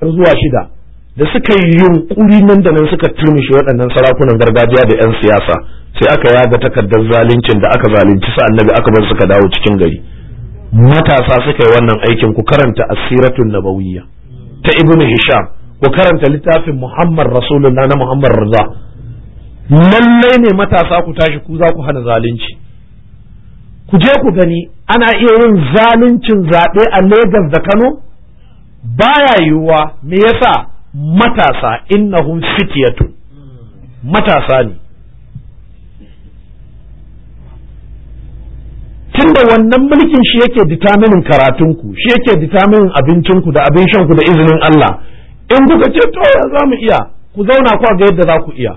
har zuwa shida da suka yi yunkuri nan da nan suka turmushe waɗannan sarakunan gargajiya da 'yan siyasa sai aka yaga takardar zalincin da aka zalunci sa annabi aka bar suka dawo cikin gari matasa suka yi wannan aikin ku karanta asiratun nabawiyya ta ibn hisham ku karanta littafin muhammad rasulullah na muhammad raza lallai ne matasa ku tashi ku za ku hana zalunci ku je ku gani ana iya yin zaluncin zaɓe a Legas da Kano baya yiwuwa me yasa matasa innahum fityatun matasa ne tunda wannan mulkin shi yake determinin karatunku shi yake determinin abincinku da abin shanku da izinin Allah in kuka ce to ya za mu iya ku zauna ku ga yadda za ku iya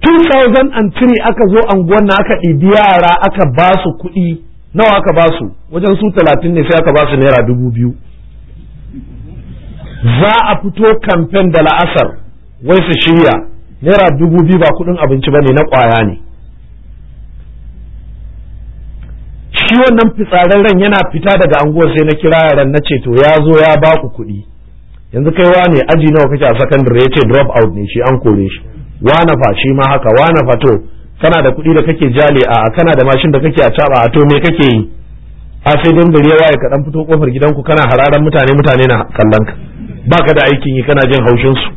2003 aka zo anguwan na aka ɗibi yara aka ba su kuɗi nawa aka ba su wajen su talatin ne sai aka ba su naira dubu biyu za a fito kamfen da la'asar wai su shirya naira dubu biyu ba kudin abinci ba ne na kwaya ne shi wannan fitsararren yana fita daga anguwar sai na kira yaran na ce to ya zo ya ba ku kuɗi yanzu kaiwa ne aji nawa kake a sakandare ya ce drop out ne shi an kore shi na fa shi ma haka wa fa to kana da kuɗi da kake jale a kana da mashin da kake a caba a to me kake yi a sai don gari ya waye ka fito kofar gidanku kana hararan mutane mutane na kallon ka baka da aikin yi kana jin haushin su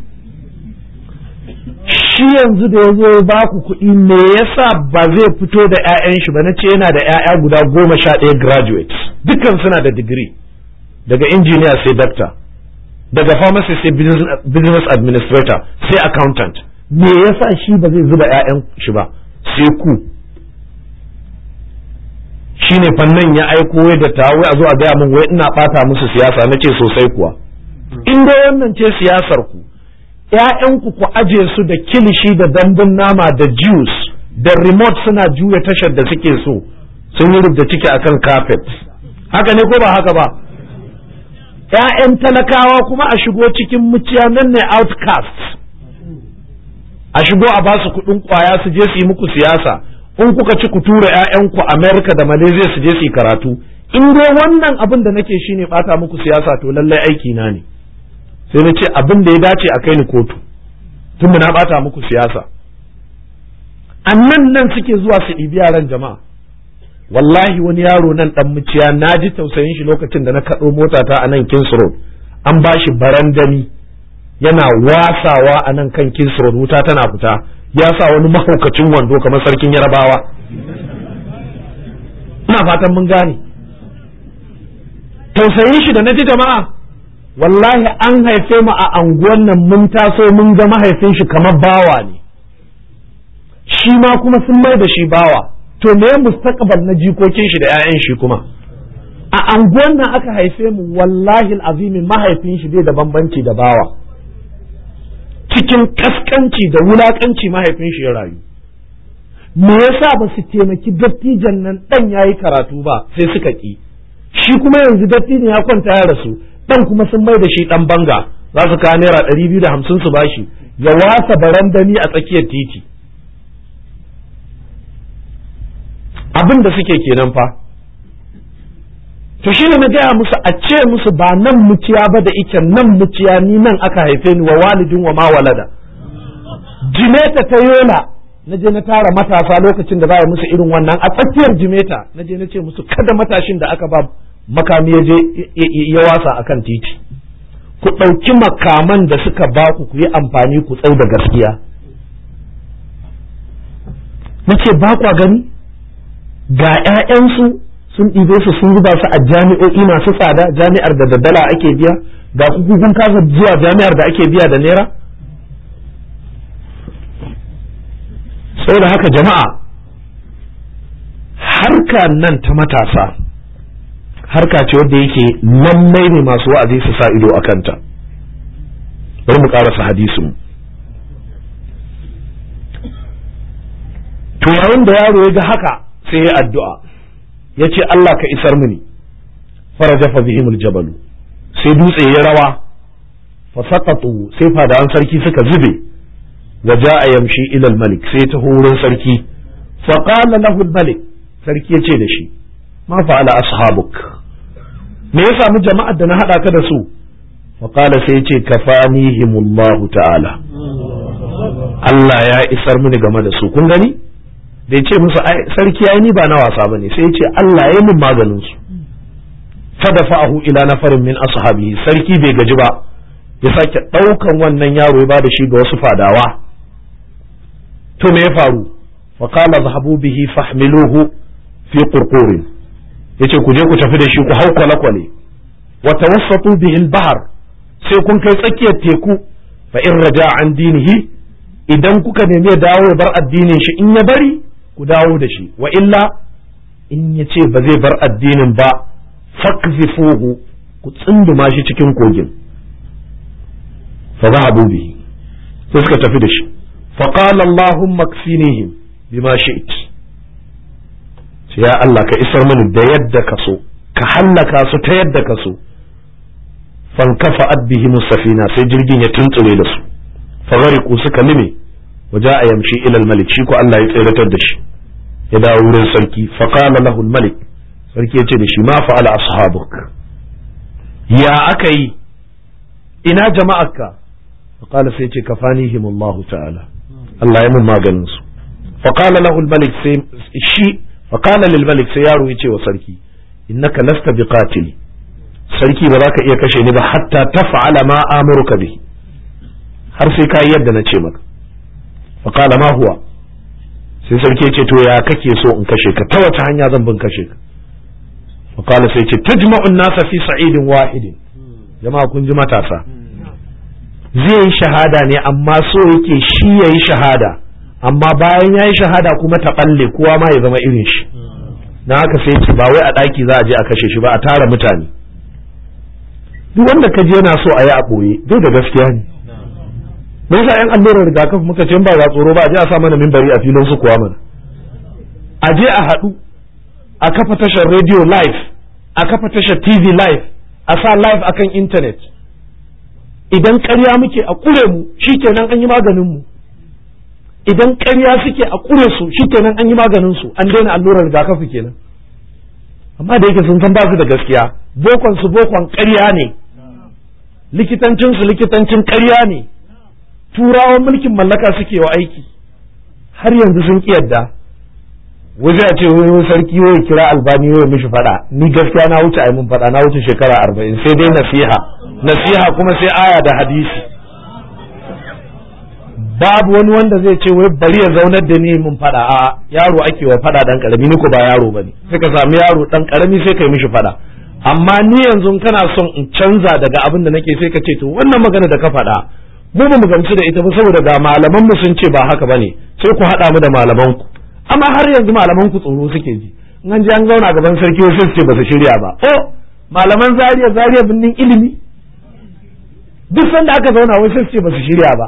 shi yanzu da ya zo ba ku kuɗi me yasa ba zai fito da 'ya'yan shi ba na ce yana da 'ya'ya guda goma sha ɗaya graduate dukkan suna da digiri daga injiniya sai doctor daga pharmacy sai business administrator sai accountant me yasa shi ba zai zuba 'ya'yan shi ba sai ku shine fannin ya aiko wai da ta wai a zo a gaya min wai ina bata musu siyasa na ce sosai kuwa in dai wannan ce siyasar ku ƴaƴanku ku aje su da kilishi da dambun nama da juice da remote suna juya tashar da suke so sun yi rubda ciki akan carpet haka ne ko ba haka ba ƴaƴan talakawa kuma a shigo cikin muciya nan ne outcasts a shigo a ba su kuɗin ƙwaya su je su yi muku siyasa in kuka ci ku tura 'ya'yanku Amerika da Malaysia su je su yi karatu in dai wannan abin da nake shine bata muku siyasa to lallai aiki na ne sai na ce abin da ya dace a kai ni kotu tun na bata muku siyasa annan nan suke zuwa su ɗibi yaran jama'a wallahi wani yaro nan dan muciya na ji tausayin shi lokacin da na kaɗo motata a nan Kings an ba shi barandami yana wasawa a nan kan kisron wuta tana fita ya sa wani mahaukacin wando kamar sarkin yarabawa ina fatan mun gane tausayin shi da na ji jama'a wallahi an haife mu a anguwan nan mun taso mun ga mahaifin shi kamar bawa ne shi ma kuma sun mai da shi bawa to me mustaqbal na jikokin shi da 'ya'yan shi kuma a anguwan nan aka haife mu wallahi azimin mahaifin shi bai da bambanci da bawa cikin kaskanci da wulakanci mahaifin shi ya rayu me yasa ba su taimaki dattijan nan dan yayi karatu ba sai suka ki shi kuma yanzu dattijan ya kwanta ya rasu dan kuma sun mai da shi dan banga za su kawo naira ɗari biyu da hamsin su bashi ya wasa barandani a tsakiyar titi abin da suke kenan fa to ne na gaya musu a ce musu ba nan muciya ba da ike nan muciya ni nan aka haife ni wa walidin wa ma walada jimeta ta yola na je na tara matasa lokacin da za a musu irin wannan a tsakiyar jimeta na je na ce musu kada matashin da aka ba makami ya je ya wasa akan titi ku ɗauki makaman da suka ba ku ku yi amfani ku tsau da gaskiya nace ce ba kwa gani ga 'ya'yansu sun ɗibe su sun zuba su a jami'o'i masu tsada jami'ar da daddala ake biya ga kukukun kasa zuwa jami'ar da ake biya da naira da haka jama'a harka nan ta matasa harka ce wadda yake mai ne masu wa'azi su sa ido a kanta bari mu karasa hadisun to yayin da yaro ya ga haka sai ya addu'a ya ce Allah ka isar mini farajafa bihimul jabalu sai dutse ya rawa fasaqatu sai fadawan sarki suka zube wa ja'a yamshi ila al-malik sai ta wurin sarki fa qala lahu al-malik sarki yace da shi ma fa'ala ashabuk me ya samu jama'ar da na hada ka da su fa qala sai yace kafanihimullahu ta'ala Allah ya isar mini game da su kun gani bai ce musu sarki ya ni ba na wasa ba ne sai ya ce Allah ya yi min maganin su fadafa'ahu ila farin min ashabi sarki bai gaji ba ya sake ɗaukan wannan yaro ya ba da shi ga wasu fadawa to me ya faru wa kala zahabu bihi fahmiluhu fi qurqurin yace ku je ku tafi da shi ku hau kwale-kwale wa tawassatu bihi al-bahr sai kun kai tsakiyar teku fa in raja an dinihi idan kuka nemi ya dawo ya bar addinin shi in ya bari ku dawo da shi wa illa in ya ce ba zai bar addinin ba fakzifuhu ku tsinduma shi cikin kogin fa a bihi sai suka tafi da shi fa qala allahumma kfinihim bima shi'it ya Allah ka isar mani da yadda ka so ka hallaka su ta yadda ka so fankafa bihim safina sai jirgin ya tuntsure da su fa suka lime waja a yamshi ilal malik shi ko Allah ya tseratar da shi ya dawo wurin sarki faqala lahu malik sarki ya ce da shi ma fa'ala ashabuk ya aka yi ina jama'arka faqala sai ce kafanihim Allah ta'ala Allah ya mun maganin su faqala lahu malik sai shi faqala lil malik sai yaro ya ce wa sarki innaka lasta biqatili sarki ba za ka iya kashe ni ba hatta taf'ala ma amuruka bi har sai ka yadda na ce maka faqala ma huwa sai sarki ce to ya kake so in kashe ka ta wata hanya zan bin kashe ka faqala sai ce tajma'un nasa fi sa'idin wahidin jama'a kun ji matasa zai yi shahada ne amma so yake shi yayi shahada amma bayan yayi shahada kuma ta ɓalle kowa ma ya zama irin shi na haka sai ce ba wai a ɗaki za a je a kashe shi ba a tara mutane duk wanda ka je yana so a yi a ɓoye dai da gaskiya ne me yasa yan allurar rigakafi muka ce ba tsoro ba a je a sa mana mimbari a filin su kuwa mana a je a haɗu a kafa tashar radio live a kafa tashar tv live a sa live akan internet idan ƙarya muke a kure mu shikenan an yi maganin mu idan ƙarya suke a kure su shikenan an yi maganin su an daina allurar rigakafi kenan amma da yake sun san ba su da gaskiya bokon su bokon ƙarya ne likitancin su likitancin ƙarya ne turawan mulkin mallaka suke wa aiki har yanzu sun ki yadda waje a ce wani sarki wai kira albani wai mishi fada ni gaskiya na wuce ai mun fada na wuce shekara arba'in sai dai nasiha nasiha kuma sai aya da hadisi babu wani wanda zai ce wai bari ya zaunar da ni mun fada a yaro ake wa fada dan karami ni ko ba yaro bane sai ka sami yaro dan karami sai kai mishi fada amma ni yanzu kana son in canza daga abin da nake sai ka ce to wannan magana da ka fada mu ba mu gamsu da ita ba saboda ga malaman mu sun ce ba haka bane sai ku haɗa mu da malaman ku amma har yanzu malaman ku tsoro suke ji in an ji an zauna gaban sarki wasu su ce ba su shirya ba oh malaman zariya zariya binnin ilimi duk sanda aka zauna wasu su ce ba su shirya ba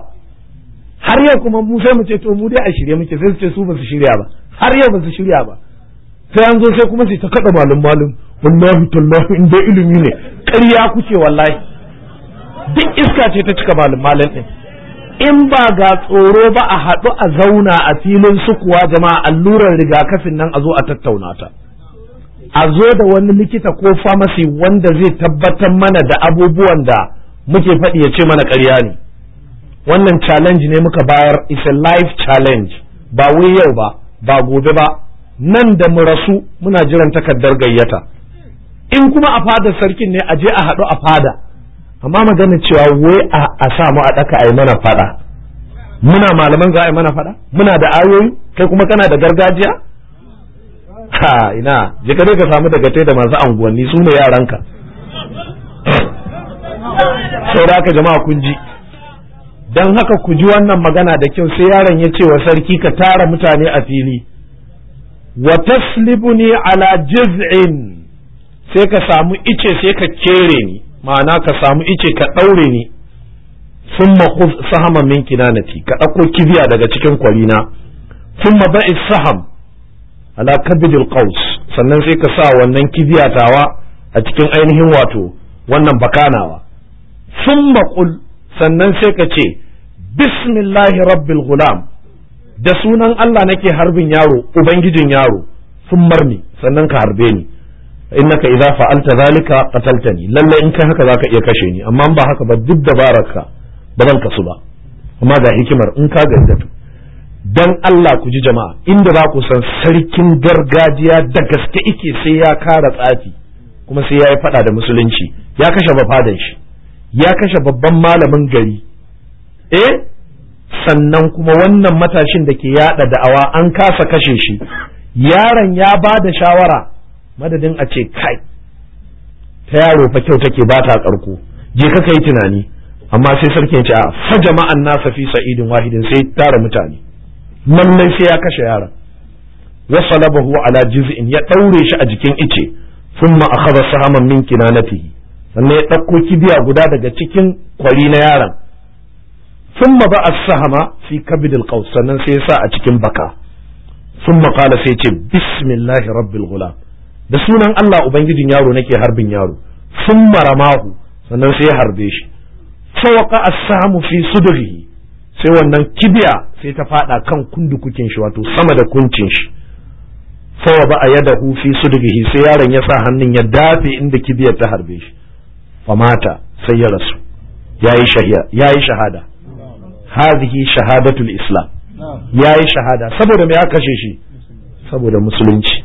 har yau kuma mu sai mu ce to mu dai a shirye muke sai su ce su ba su shirya ba har yau ba su shirya ba sai an zo sai kuma su ta kada malum malum wallahi tallahi in ilimi ne ƙarya kuke wallahi duk iska ce ta cika malin ɗin in ba ga tsoro ba a haɗu a zauna a filin sukuwa jama'a allurar rigakafin nan a zo a tattauna ta a zo da wani likita ko famasi wanda zai tabbatar mana da abubuwan da muke faɗi ya ce mana ƙarya ne wannan challenge ne muka bayar is a life challenge ba wai yau ba ba gobe ba nan da mu rasu muna jiran takardar gayyata in kuma a fadar sarkin ne a je a haɗu a fada amma magana cewa wai a sa mu a daka a yi mana fada muna malaman za a mana fada muna da ayoyi kai kuma kana da gargajiya ha ina je ka ka samu daga da masu anguwanni su ne yaranka sau da ka jama'a kun ji don haka ku ji wannan magana da kyau sai yaron ya ce wa sarki ka tara mutane a fili wa taslibuni ala jiz'in sai ka samu ice sai ka kere ni ma'ana ka samu ice ka ɗaure ni sun makus sahaman min kinanati ka ɗauko kibiya daga cikin kwalina sun ba'i saham ala kabidil qaus sannan sai ka sa wannan kibiya tawa a cikin ainihin wato wannan bakanawa sun maƙul sannan sai ka ce bismillahi rabbil gulam da sunan Allah nake harbin yaro ubangijin yaro sun marni sannan ka harbe ni innaka idza fa'alta zalika qataltani lalle in kai haka zaka iya kashe ni amma ba haka ba duk dabararka ba zan kasu ba amma ga hikimar in ka gaskata dan Allah ku ji jama'a inda za ku san sarkin gargajiya da gaske ike sai ya kara tsafi kuma sai ya yi fada da musulunci ya kashe bafadan shi ya kashe babban malamin gari eh sannan kuma wannan matashin da ke yada da'awa an kasa kashe shi yaron ya ba da shawara madadin a ce kai ta yaro fa kyau take ba ta karko je ka kai tunani amma sai sarki ya ce a fa jama'an nasa fi sa'idin wahidin sai tara mutane nan sai ya kashe yaron wa salabahu ala juz'in ya daure shi a jikin ice thumma akhadha sahaman min kinanatihi sannan ya ɗauko kibiya guda daga cikin kwari na yaron sun ba a sahama fi kabidil qaus sannan sai ya sa a cikin baka sun maƙala sai ce bismillahi rabbil ghulam da sunan Allah ubangijin yaro nake harbin yaro sun maramahu sannan sai ya harbe shi sawaka a samu fi sudurihi sai wannan kibiya sai ta fada kan kundukukin shi wato sama da kuncin shi fawa ba a yada fi sudurihi sai yaron ya sa hannun ya dafe inda kibiyar ta harbe shi famata sai ya rasu yayi shahada hadhihi shahadatul islam yayi shahada saboda mai aka kashe shi saboda musulunci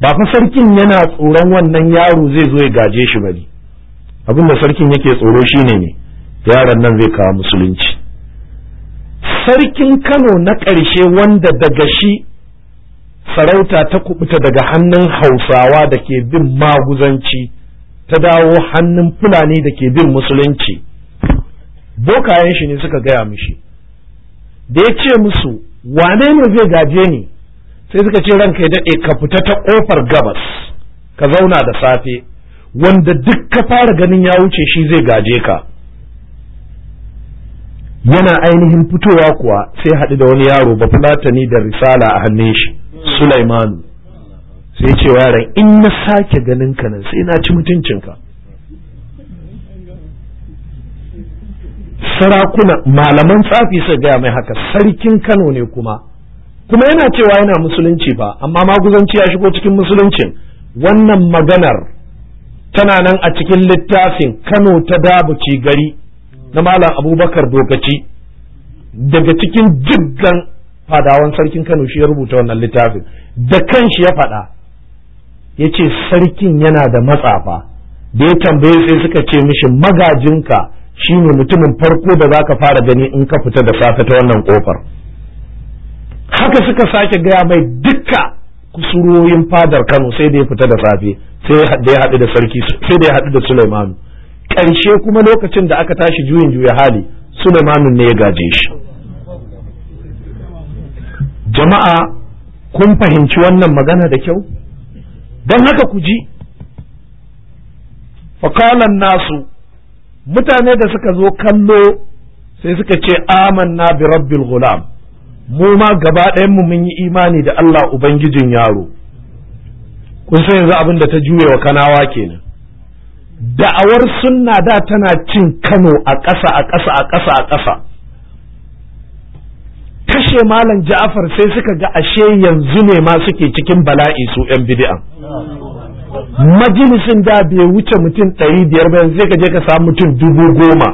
ba fa sarkin yana tsoron wannan yaro zai zo ya gaje shi bane abin da sarkin yake tsoro shine ne yaron nan zai kawo musulunci sarkin Kano na ƙarshe wanda daga shi sarauta ta kubuta daga hannun Hausawa da ke bin maguzanci ta dawo hannun Fulani da ke bin musulunci bokayen shi ne suka gaya mishi da ya ce musu wane ne zai gaje ni sai suka ce ranka ya daɗe ka fita ta ƙofar gabas ka zauna da safe wanda duk ka fara ganin ya wuce shi zai gaje ka yana ainihin fitowa kuwa sai haɗu da wani yaro ba fulatani da risala a hannun shi sulaimanu sai ce wa yaron in na sake ganin ka nan sai na ci mutuncinka sarakuna malaman tsafi sai gaya mai haka sarkin kano ne kuma kuma yana cewa yana musulunci ba amma maguzanci ya shigo cikin musuluncin wannan maganar tana nan a cikin littafin kano ta dabuci gari na malam abubakar dokaci daga cikin jiggan fadawan sarkin kano shi ya rubuta wannan littafin da kanshi ya faɗa yace sarkin yana da matsafa da ya tambaye sai suka ce mishi magajinka shine mutumin farko da za ka fara gani in ka fita da safe ta wannan kofar. haka suka sake gaya mai dukka kusuroyin fadar Kano sai da ya fita da safe sai da ya haɗu da sarki sai da ya haɗu da Sulaimanu ƙarshe kuma lokacin da aka tashi juyin juya hali Sulaimanu ne ya gaje shi jama'a kun fahimci wannan magana da kyau don haka ku ji fakalan nasu mutane da suka zo kallo sai suka ce amanna bi rabbil gulam mu ma gaba ɗayan mu mun yi imani da Allah ubangijin yaro kun san yanzu abin da ta juye wa kanawa kenan da'awar sunna da tana cin Kano a ƙasa a ƙasa a ƙasa a ƙasa kashe malam Ja'far sai suka ga ashe yanzu ne ma suke cikin bala'i su yan bidi'an. majalisin da bai wuce mutum ɗari biyar ba sai ka je ka samu mutum dubu goma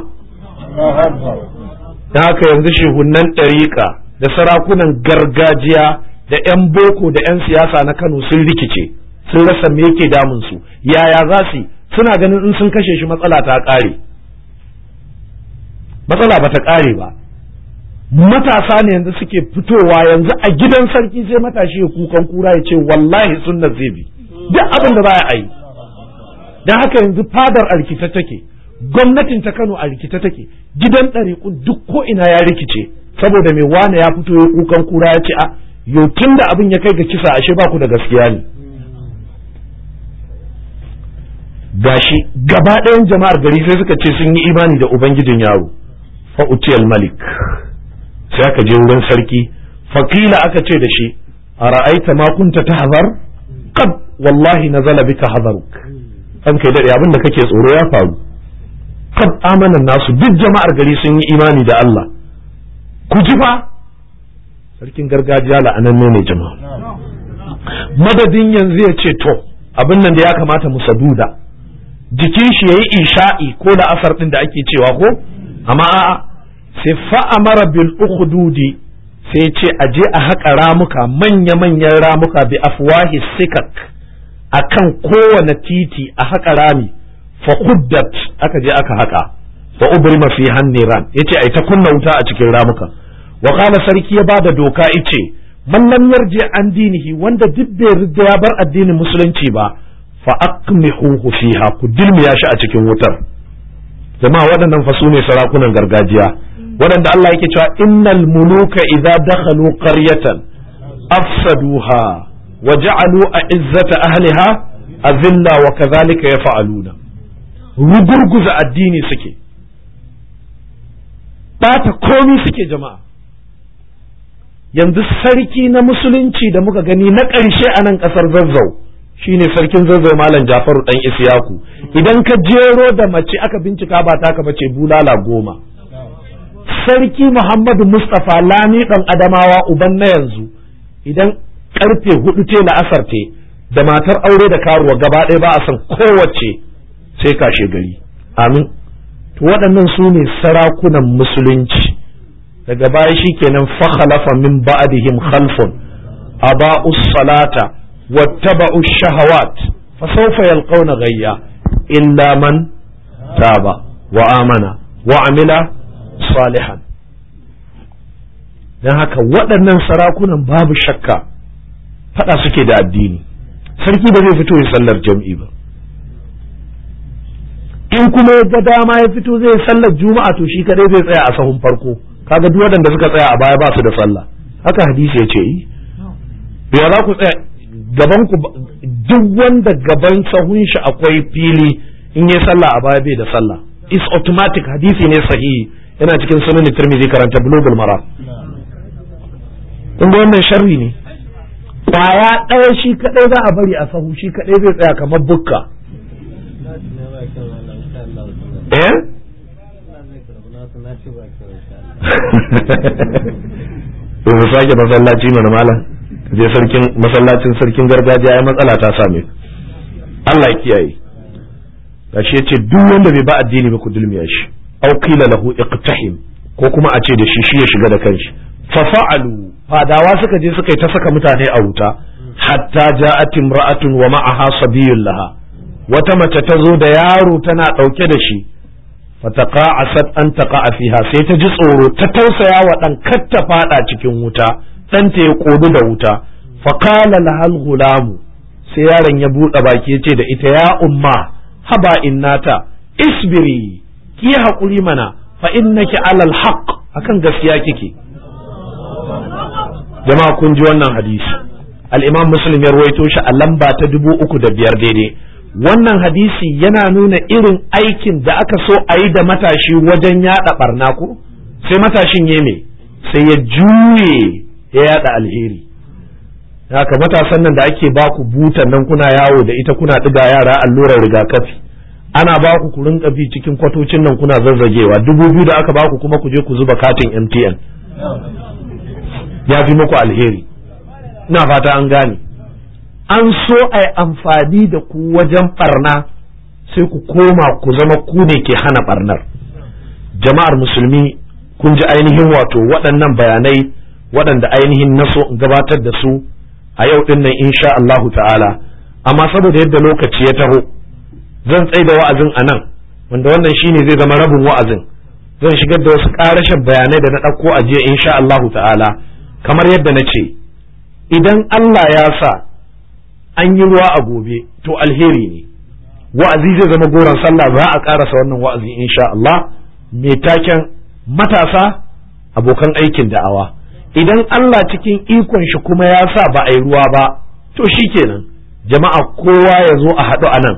da haka yanzu shehunan ɗariƙa da sarakunan gargajiya da 'yan boko da 'yan siyasa na kano sun rikice sun rasa me yake damun su yaya za su suna ganin in sun kashe shi matsala ta ƙare matsala ba ta ƙare ba matasa ne yanzu suke fitowa yanzu a gidan sarki sai matashi ya kukan kura ya ce wallahi sunna zai bi duk abin da za a yi don haka yanzu fadar a rikita take gwamnatin ta kano a rikita take gidan ɗariƙun duk ko ina ya rikice saboda mai wane ya fito ya kukan kura ya ce a ah, yokin da abin ya kai ga kisa ashe ba ku da gaskiya ne gashi gaba ɗayan jama'ar gari sai suka ce sun yi imani da ubangijin yaro fa malik sai aka je wurin sarki fakila aka ce da shi a ra'aita ma kunta ta hazar qad wallahi na zalabi bika hazaruk an kai daɗe abin da kake tsoro ya faru qad amanan nasu duk jama'ar gari sun yi imani da Allah ku ji fa sarkin gargajiya la'ananne ne jama'a madadin yanzu ya ce to abin nan da ya kamata mu saduda jikin shi yayi isha'i ko la'asar din da ake cewa ko amma a'a sai fa'amara bil ukhududi sai ce a je a haƙa ramuka manya-manyan ramuka bi afwahi sikak a kan kowane titi a haƙa rami fakuddat aka je aka haƙa fa ubrima fi hanniran yace ai ta kunna wuta a cikin ramuka wa qala sarki ya bada doka yace man lam yarji an dinihi wanda duk bai ya bar addinin musulunci ba fa aqmihuhu fiha ku dilmiya shi a cikin wutar jama'a waɗannan fa sune sarakunan gargajiya waɗanda Allah yake cewa innal muluka idza dakhalu qaryatan afsaduha wa ja'alu a'izzata ahliha azilla wa kadhalika yaf'aluna rugurguza addini suke bata komi suke jama'a yanzu sarki na musulunci da muka gani na ƙarshe a nan ƙasar zazzau shine sarkin zazzau malam jafaru dan isiyaku idan ka jero da mace aka bincika ba ta kama ce bulala goma sarki muhammadu mustapha lami dan adamawa uban na yanzu idan karfe hudu te la'asar te da matar aure da karuwa gaba ɗaya ba a san kowace sai kashe gari amin to waɗannan su ne sarakunan musulunci daga baya shikenan fa khalafa min ba'dihim khalfun aba'u salata wattaba'u shahawat fa sawfa yalqawna ghayya illa man taba wa amana wa amila salihan dan haka waɗannan sarakunan babu shakka faɗa suke da addini sarki ba zai fito ya sallar jam'i ba in kuma ya ga dama ya fito zai sallar juma'a to shi kadai zai tsaya a sahun farko kaga duk waɗanda suka tsaya a baya ba su da sallah haka hadisi ya ce yi eh, ya za ku tsaya gaban ku duk wanda gaban sahun shi akwai fili in ya sallah a baya bai da sallah is automatic hadisi ne sahihi yana cikin sunan tirmidhi karanta bulugul mara kun wannan sharri ne kwaya ɗaya shi kaɗai za a bari a sahu shi kaɗai zai tsaya kamar bukka eh mu sake masallaci mana malam je sarkin masallacin sarkin gargajiya ya matsala ta same Allah ya kiyaye shi yace duk wanda bai ba addini ba ku dulmiya shi aw qila lahu iqtahim ko kuma a ce da shi shi ya shiga da kanshi fa fa'alu fadawa suka je suka yi ta saka mutane a wuta hatta ja'at imra'atun wa ma'aha sabiyun wata mace ta zo da yaro tana dauke da shi fataqa'asat an taqa'a fiha sai ta ji tsoro ta tausaya wa ɗan katta ta fada cikin wuta dan ta ya kodu da wuta fa qala lahal gulamu sai yaron ya buɗe baki ya ce da ita ya umma haba innata isbiri ki hakuri mana fa innaki alal haqq akan gaskiya kike jama'a kun ji wannan hadisi al-imam muslim ya rawaito shi a lamba ta dubu uku da biyar daidai wannan hadisi yana nuna irin aikin da aka so a yi da matashi wajen yaɗa barna ko sai matashin ya me sai ya juye ya yaɗa alheri haka matasan nan da ake ba ku butan nan kuna yawo da ita kuna ɗiga yara allurar rigakafi ana ba ku ku rinka bi cikin kwatocin nan kuna zazzagewa dubu biyu da aka ba ku kuma ku je ku zuba katin mtn ya fi muku alheri ina fata an gane an so a yi amfani da ku wajen barna sai ku koma ku zama ku ne ke hana barnar jama'ar musulmi kun ji ainihin wato waɗannan bayanai waɗanda ainihin na so gabatar da su a yau ɗin nan insha Allahu ta'ala amma saboda yadda lokaci ya taho zan tsaida wa'azin a nan wanda wannan shine zai zama rabin wa'azin zan shigar da wasu ƙarashin bayanai da na ɗauko a jiya insha Allahu ta'ala kamar yadda na ce idan Allah ya sa an yi ruwa a gobe to alheri ne wa'azi zai zama goron sallah za'a a karasa wannan wa'azi insha Allah mai taken matasa abokan aikin da'awa idan Allah cikin ikon shi kuma ya sa ba a yi ruwa ba to shi kenan jama'a kowa ya zo a haɗu a nan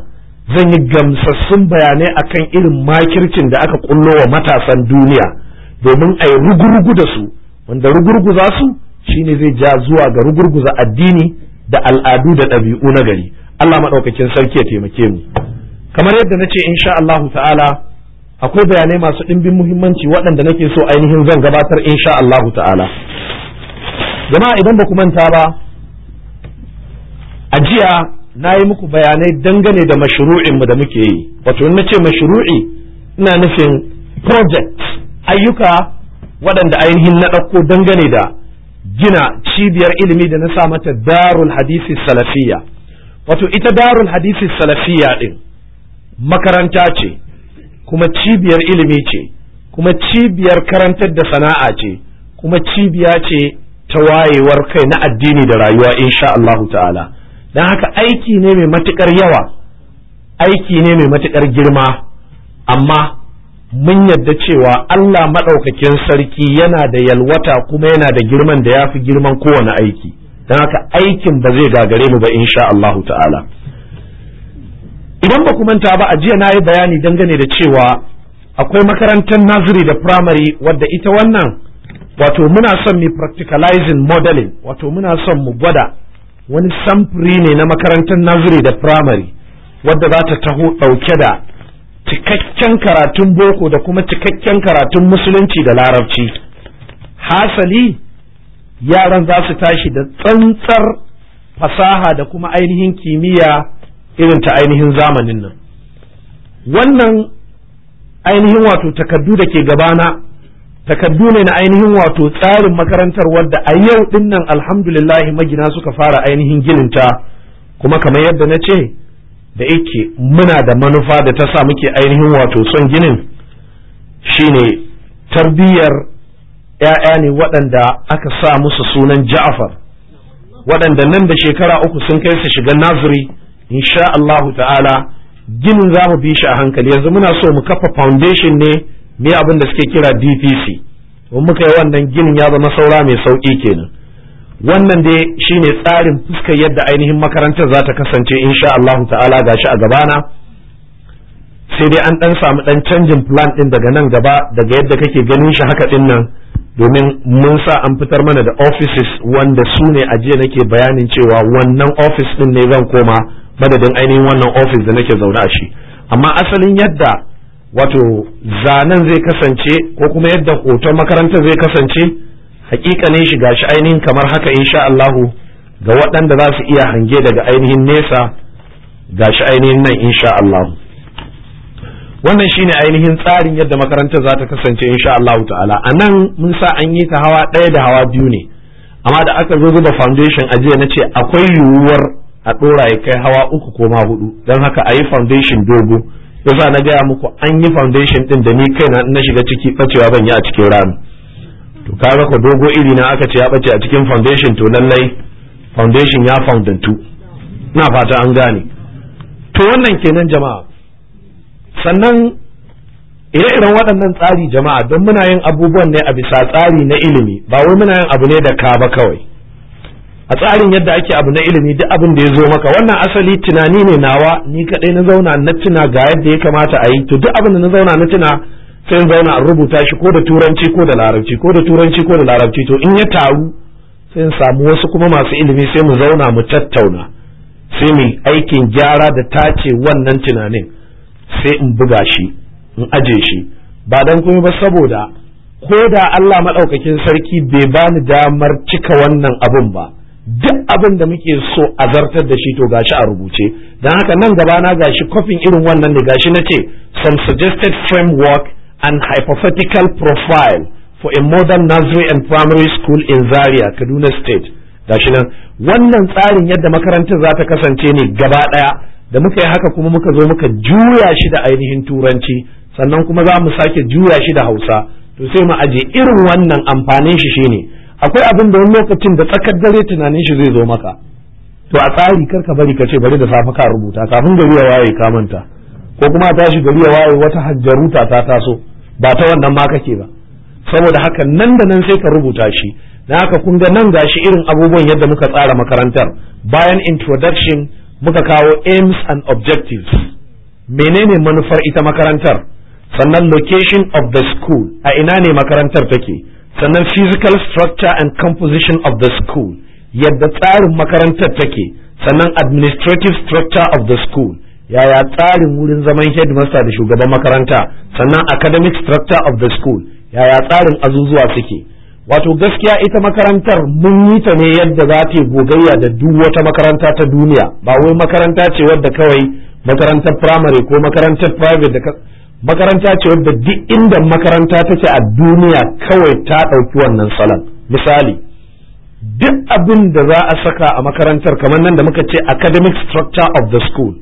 zan yi gamsassun bayanai akan irin makircin da aka kullo wa matasan duniya domin a yi rugurugu da su wanda za su shine zai ja zuwa ga rugurguza addini da al'adu da ɗabi'u na gari Allah maɗaukakin sarki ya taimake mu kamar yadda na ce insha Allah ta'ala akwai bayanai masu ɗimbin muhimmanci waɗanda nake so ainihin zan gabatar insha Allah ta'ala jama'a idan ba ku manta ba a jiya na yi muku bayanai dangane da mashru'in mu da muke yi wato in na ce mashru'i ina nufin project ayyuka waɗanda ainihin na ɗauko dangane da gina cibiyar ilimi da na sa mata darul hadisi salafiya wato ita darul hadisi salafiya din makaranta ce kuma cibiyar ilimi ce kuma cibiyar karantar da sana'a ce kuma cibiya ce ta wayewar kai na addini da rayuwa insha Allahu ta'ala Dan haka aiki ne mai matukar yawa aiki ne mai matukar girma amma mun yadda cewa Allah maɗaukakin sarki yana da yalwata kuma yana da girman da ya fi girman kowane aiki don haka aikin ba zai gagare mu ba insha Allahu ta'ala idan ba ku manta ba a jiya na yi bayani dangane da cewa akwai makarantar naziri da primary wadda ita wannan wato muna son mu practicalizing modeling wato muna son mu gwada wani samfuri ne na makarantar naziri da primary wadda za ta taho ɗauke da cikakken karatun boko da kuma cikakken karatun musulunci da larabci hasali yaran za su tashi da tsantsar fasaha da kuma ainihin kimiyya irin ta ainihin zamanin nan wannan ainihin wato takardu da ke gabana takardu ne na ainihin wato tsarin makarantar wadda a yau dinnan alhamdulillahi magina suka fara ainihin gininta kuma kamar yadda na ce da yake muna da manufa da ta sa muke ainihin wato son ginin shine tarbiyyar ‘ya'ya ne waɗanda aka sa musu sunan ja'afar, waɗanda nan da shekara uku sun kai su shiga naziri insha Allahu ta'ala ginin za mu bi shi a hankali yanzu muna so mu kafa foundation ne me abin da suke kira DPC mun muka yi wannan ginin ya zama saura mai sauƙi kenan wannan dai shine tsarin fuskar yadda ainihin makarantar za ta kasance insha Allahu ta'ala gashi a gabana sai dai an ɗan samu ɗan canjin plan ɗin daga nan gaba daga yadda kake ganin shi haka din nan domin mun sa an fitar mana da offices wanda su ne a jiya nake bayanin cewa wannan office din ne zan koma madadin ainihin wannan office da nake zaune a shi amma asalin yadda wato zanen zai kasance ko kuma yadda hoton makarantar zai kasance shiga shi gashi ainihin kamar haka insha Allahu ga waɗanda za su iya hange daga ainihin nesa ga shi ainihin nan insha Allahu wannan shine ainihin tsarin yadda makarantar za ta kasance insha Allahu ta'ala a nan mun sa an yi ta hawa ɗaya da hawa biyu ne amma da aka zo zuba foundation a jiya na ce akwai yiwuwar a ɗora ya kai hawa uku ko ma hudu don haka a yi foundation dogo yasa na gaya muku an yi foundation ɗin da ni kai na shiga ciki ɓacewa ban yi a cikin rami to kaga ko dogo iri na aka ce ya bace a cikin foundation to lallai foundation ya foundantu ina fata an gane to wannan kenan jama'a sannan ire-iren waɗannan tsari jama'a don muna yin abubuwan ne a bisa tsari na ilimi ba wai muna yin abu ne da ka ba kawai a tsarin yadda ake abu na ilimi duk abin da ya zo maka wannan asali tunani ne nawa ni kaɗai na zauna na tuna ga yadda ya kamata a yi to duk abin da na zauna na tuna sai in zauna a rubuta shi ko da turanci ko da larabci ko da turanci ko da larabci to in ya taru sai in samu wasu kuma masu ilimi sai mu zauna mu tattauna sai mu aikin gyara da tace wannan tunanin sai in buga shi in aje shi ba dan kuma ba saboda ko da Allah madaukakin sarki bai bani damar cika wannan abun ba duk abin da muke so a zartar da shi to gashi a rubuce don haka nan gaba na gashi kofin irin wannan ne gashi na ce some suggested framework an hypothetical profile for a modern nursery and primary school in Zaria, Kaduna State. Gashi nan, wannan tsarin yadda makarantar za ta kasance ne gaba ɗaya da muka yi haka kuma muka zo muka juya shi da ainihin turanci sannan kuma za mu sake juya shi da hausa to sai mu aje irin wannan amfanin shi shine akwai abin da wani lokacin da tsakar dare tunanin shi zai zo maka to a tsari kar ka bari ka ce bari da safe ka rubuta kafin gari ya waye ka manta ko kuma tashi gari ya waye wata hajjaruta ta taso ba ta wannan ma kake ba saboda haka nan da nan sai ka rubuta shi na haka kun ga nan gashi irin abubuwan yadda muka tsara makarantar bayan introduction muka kawo aims and objectives menene manufar ita makarantar sannan location of the school a ina ne makarantar take sannan physical structure and composition of the school yadda tsarin makarantar take sannan administrative structure of the school yaya tsarin wurin zaman headmaster da shugaban makaranta sannan academic structure of the school yaya tsarin azuzuwa suke wato gaskiya ita makarantar mun yi ta ne yadda za ta gogayya da duk wata makaranta ta duniya ba wai makaranta ce wadda kawai makarantar primary ko makarantar private da makaranta ce wadda duk inda makaranta take a duniya kawai ta ɗauki wannan salon misali duk abin da za a saka a makarantar kamar nan da muka ce academic structure of the school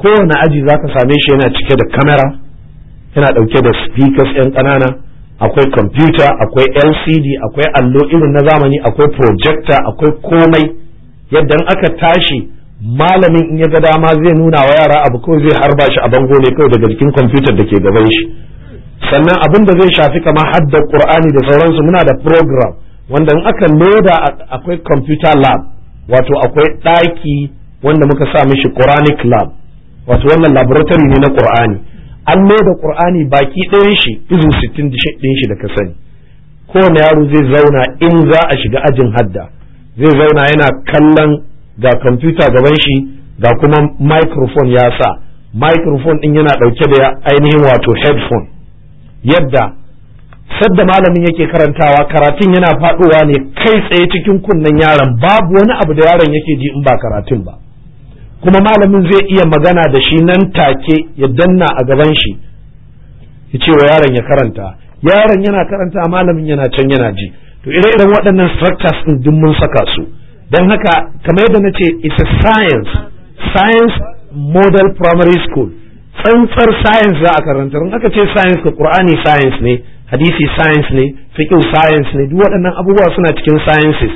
kowane aji za ka same shi yana cike da kamera yana ɗauke da speakers 'yan ƙanana akwai kwamfuta akwai lcd akwai allo irin na zamani akwai projector akwai komai yadda aka tashi malamin in ya ga dama zai nuna wa yara abu kawai zai harba shi a bango ne kawai daga jikin kwamfutar da ke gaban shi sannan abin da zai shafi kamar haddar qur'ani da sauransu muna da program wanda in aka loda akwai computer lab wato akwai ɗaki wanda muka sa mishi quranic lab wato wannan laboratory ne na qur'ani an mai da qur'ani baki ɗayan shi izu 60 ɗin shi da ka sani ko kowane yaro zai zauna in za a shiga ajin hadda zai zauna yana kallon ga kwamfuta gaban shi ga kuma microphone ya sa microphone din yana ɗauke da ainihin wato headphone yadda sadda malamin yake karantawa karatun yana faɗowa ne kai tsaye cikin kunnen yaron babu wani abu da yaron yake ji in ba karatun ba kuma malamin zai iya magana da shi nan take ya danna a gaban shi ya ce wa yaron ya karanta yaron yana karanta malamin yana can yana ji to ire-iren waɗannan structures ɗin duk mun saka su don haka kamar yadda na ce it's a science science model primary school tsantsar science za a karanta in aka ce science ka qur'ani science ne hadisi science ne fiqh science ne duk waɗannan abubuwa suna cikin sciences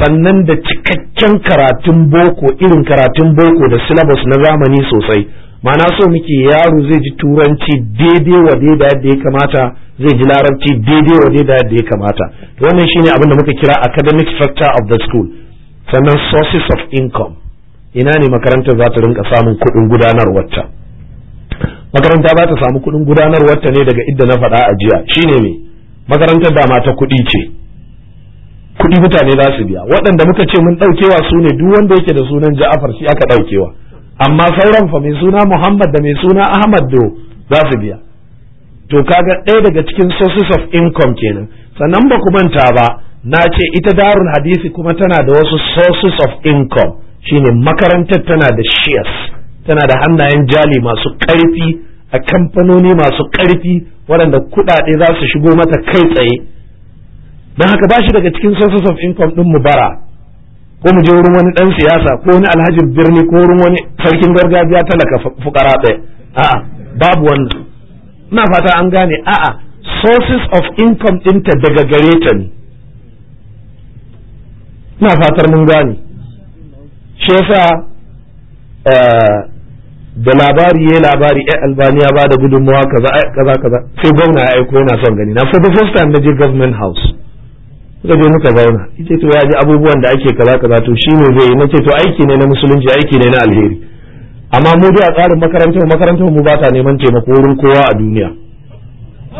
sannan da cikakken karatun boko irin karatun boko da syllabus na zamani sosai mana so muke yaro zai ji turanci daidai wa daidai yadda ya kamata zai ji larabci daidai wa daidai yadda ya kamata wannan shine abin da muka kira academic structure of the school sannan sources of income ina ne makarantar za ta rinka samun kuɗin ta makaranta za ta samu kuɗin ta ne daga idda na faɗa a jiya shine me makarantar dama ta kuɗi ce kuɗi mutane za su biya waɗanda muka ce mun ɗaukewa su ne duk wanda yake da sunan ja'afar shi aka ɗaukewa amma sauran fa mai suna muhammad da mai suna ahmad do za su biya to kaga ɗaya daga cikin sources of income kenan sannan ba ku manta ba na ce ita darul hadisi kuma tana da wasu sources of income shine makarantar tana da shares tana da hannayen jali masu ƙarfi a kamfanoni masu ƙarfi waɗanda kuɗaɗe za su shigo mata kai tsaye don haka ba shi daga cikin sources of income din mu bara ko mu je wurin wani dan siyasa ko wani Alhaji birni ko wurin wani sarkin gargajiya talaka fukara ɗaya a'a babu wannan ina fata an gane a'a sources of income ɗinta daga gare ta ne ina fatar mun gane shi yasa eh, da labari eh, ya labari ya albaniya ba da gudunmawa kaza eh, kaza kaza sai gwamna ya aiko yana son gani na for the first time na je government house Suka je muka zauna yace to ya ji abubuwan da ake kaza kaza to shine zai yi nace to aiki ne na musulunci aiki ne na alheri amma mu dai a tsarin makarantar makarantar mu ba ta neman taimako wurin kowa a duniya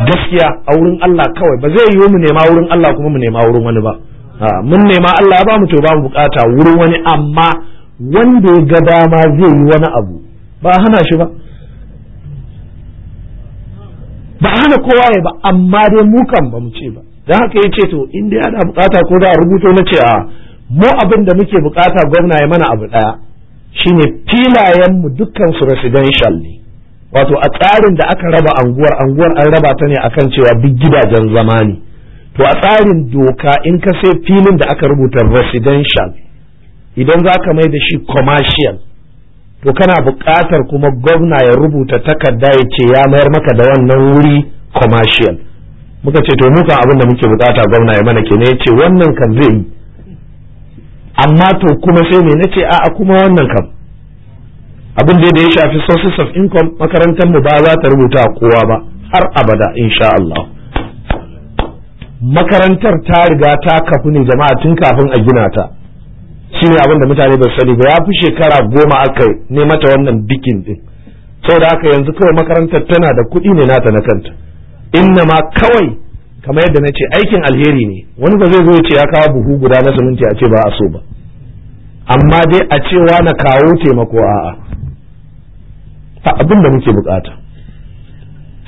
gaskiya a wurin Allah kawai ba zai yiwu mu nema wurin Allah kuma mu nema wurin wani ba mun nema Allah ya ba mu to ba mu bukata wurin wani amma wanda ya ga dama zai yi wani abu ba hana shi ba ba hana kowa ya ba amma dai mu kan ba mu ce ba da haka ya ce to indiya yana da bukata ko da a rubuto na ce a mu abin da muke bukata gwamna ya mana abu daya shine filayen mu dukkan su residential ne wato a tsarin da aka raba anguwar anguwar an raba ta ne akan cewa duk gidajen zama ne to a tsarin doka in ka sai filin da aka rubuta residential idan za ka mai da shi commercial to kana bukatar kuma gwamna ya rubuta takarda ya ce ya mayar maka da wannan wuri commercial muka ce to muka abin da muke bukata gwamna ya mana kenan ya ce wannan kan zai yi amma to kuma sai me nace a'a kuma wannan kan. abin da ya shafi sources of income makarantar mu ba za ta rubuta kowa ba har abada insha Allah makarantar ta riga ta kafu ne jama'a tun kafin a gina ta shi ne abin da mutane ba sani ba ya fi shekara goma aka ne mata wannan bikin din saboda haka yanzu kawai makarantar tana da kuɗi ne nata na kanta inna ma kawai kamar yadda na ce aikin alheri ne wani ba zai zo ce ya kawo buhu guda na zumunci a ce ba a so ba amma dai a cewa na kawo taimako a'a A abin da muke bukata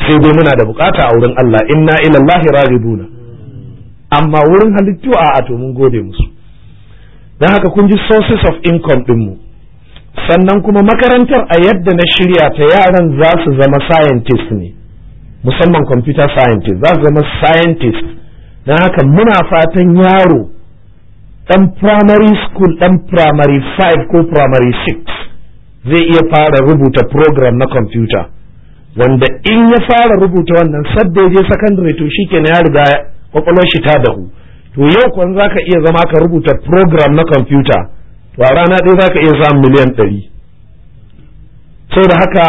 sai dai muna da bukata a wurin Allah inna ilallahi raghibuna amma wurin halittu a to mun gode musu don haka kun ji sources of income dinmu sannan kuma makarantar a yadda na shirya ta yaran za su zama scientist ne musamman computer scientist za su zama scientist na haka muna fatan yaro dan primary school dan primary 5 ko primary 6 zai iya fara rubuta program na computer wanda in ya fara rubuta wannan sadda ya je secondary to shi na ya riga kwakwalwar shi ta dahu to yau kwan za ka iya zama ka rubuta program na computer to a rana ɗaya za ka iya samun miliyan ɗari saboda haka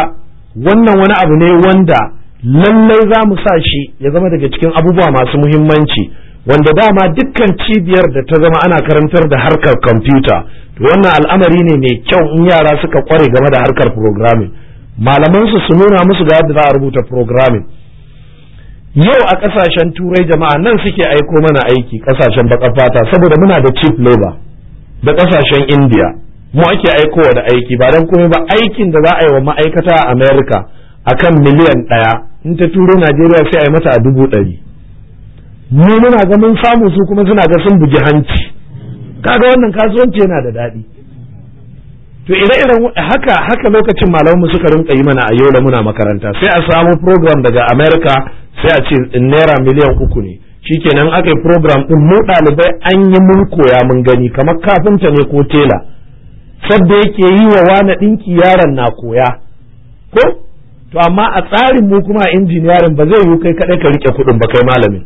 wannan wani abu ne wanda lallai za mu sa shi ya zama daga cikin abubuwa masu muhimmanci wanda dama dukkan cibiyar da ta zama ana karantar da harkar kwamfuta wannan al'amari ne mai kyau in yara suka kware game da harkar programming malaman su su nuna musu ga yadda za a rubuta programming yau a kasashen turai jama'a nan suke aiko mana aiki kasashen baka fata saboda muna da cheap labor da kasashen india mu ake aikowa da aiki ba don komai ba aikin da za a yi wa ma'aikata a america akan miliyan ɗaya in ta turo najeriya sai a yi mata a dubu ɗari mu muna ga mun samu su kuma suna ga sun bugi hanci kaga wannan kasuwanci yana da daɗi to ire-iren haka haka lokacin malamanmu suka rinka yi mana a yau da muna makaranta sai a samu program daga america sai a ce naira miliyan uku ne shikenan aka yi program ɗin mu ɗalibai an yi mun koya mun gani kamar kafinta ne ko tela sabda yake yi wa wani ɗinki yaron na koya ko to amma a tsarin mu kuma a injiniyarin ba zai yiwu kai kadai ka rike kuɗin ba kai malamin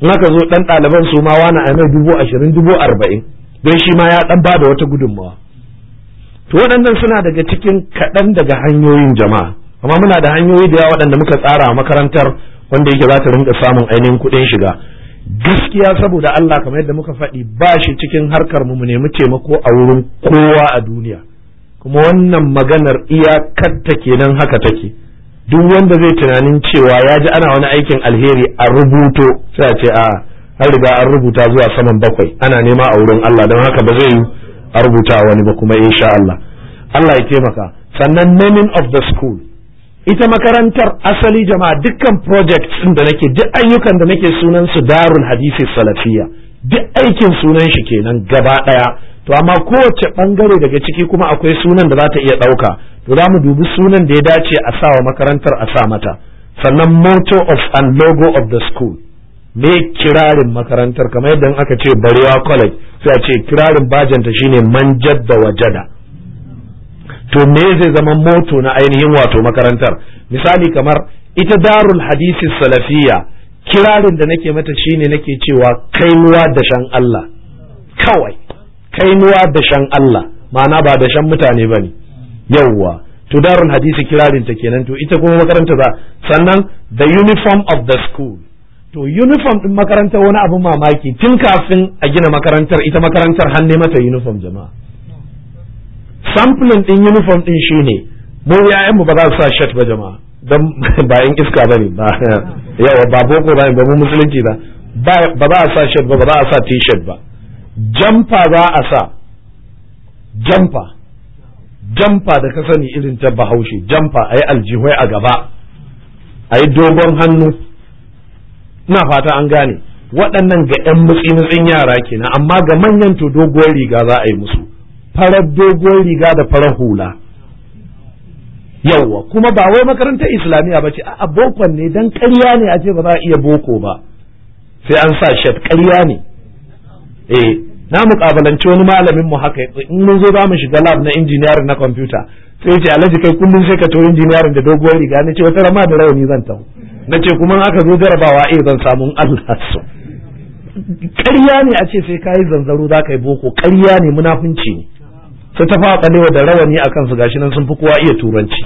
in aka zo dan ɗaliban su ma wani a mai dubu ashirin dubu arba'in don shi ma ya dan bada wata gudunmawa to waɗannan suna daga cikin kaɗan daga hanyoyin jama'a amma muna da hanyoyi da yawa waɗanda muka tsara a makarantar wanda yake za ta rinka samun ainihin kuɗin shiga gaskiya saboda Allah kamar yadda muka faɗi ba shi cikin harkar mu mu nemi taimako a wurin kowa a duniya kuma wannan maganar iyakarta kenan haka take duk wanda zai tunanin cewa ya ji ana wani aikin alheri a rubuto sai a ce a an riga an rubuta zuwa saman bakwai ana nema a wurin Allah don haka ba zai yi a rubuta wani ba kuma insha Allah Allah ya taimaka sannan naming of the school ita makarantar asali jama'a dukkan projects din da nake duk ayyukan da nake sunan su darul hadisi salafiya duk aikin sunan shi kenan gaba daya to amma kowace bangare daga ciki kuma akwai sunan da za ta iya dauka to za mu dubi sunan da ya dace a sa wa makarantar a sa mata sannan motto of and logo of the school me kirarin makarantar kamar yadda aka ce barewa college sai a ce kirarin bajanta shine man da wajada to me zai zama moto na ainihin wato makarantar misali kamar ita darul hadisi salafiya kirarin da nake mata shine nake cewa kainuwa da shan Allah kawai kainuwa da shan Allah ma'ana ba da shan mutane bane yawwa to darul hadisi kirarin ta kenan to ita kuma makaranta za sannan the uniform of the school to uniform din makaranta wani abu mamaki tun kafin a gina makarantar ita makarantar hannu mata uniform jama'a sampling din uniform din shine mu yayanmu ba za su sa shirt ba jama'a dan bayan iska bane ba yawa ba boko bane ba mu musulunci ba ba za a sa shirt ba ba za a sa t-shirt ba Jumper za a sa jumper. jamfa da ka sani irin ta bahaushe jamfa a yi aljihwai a gaba a yi dogon hannu na fata an gane waɗannan ga 'yan mutsi-mutsin yara kenan amma ga manyan to doguwar riga za a yi musu farar doguwar riga da farar hula yawwa kuma ba wai makarantar islamiyya ba ce a bokon ne don karya ne a ce ba za a iya boko ba sai an sa shat karya ne eh na mukabalanci wani malamin mu haka in mun zo za mu shiga lab na injiniyarin na kwamfuta. sai ce alhaji kai kullum sai ka to injiniyarin da doguwar riga na ce wata rama da rawani zan tau na ce kuma aka zo jarabawa eh zan samu Allah so ƙarya ne a ce sai ka yi zanzaro za ka yi boko ƙarya ne munafunci ne sai ta fawa kalewa da rawani a kansu gashi nan sun fi kowa iya turanci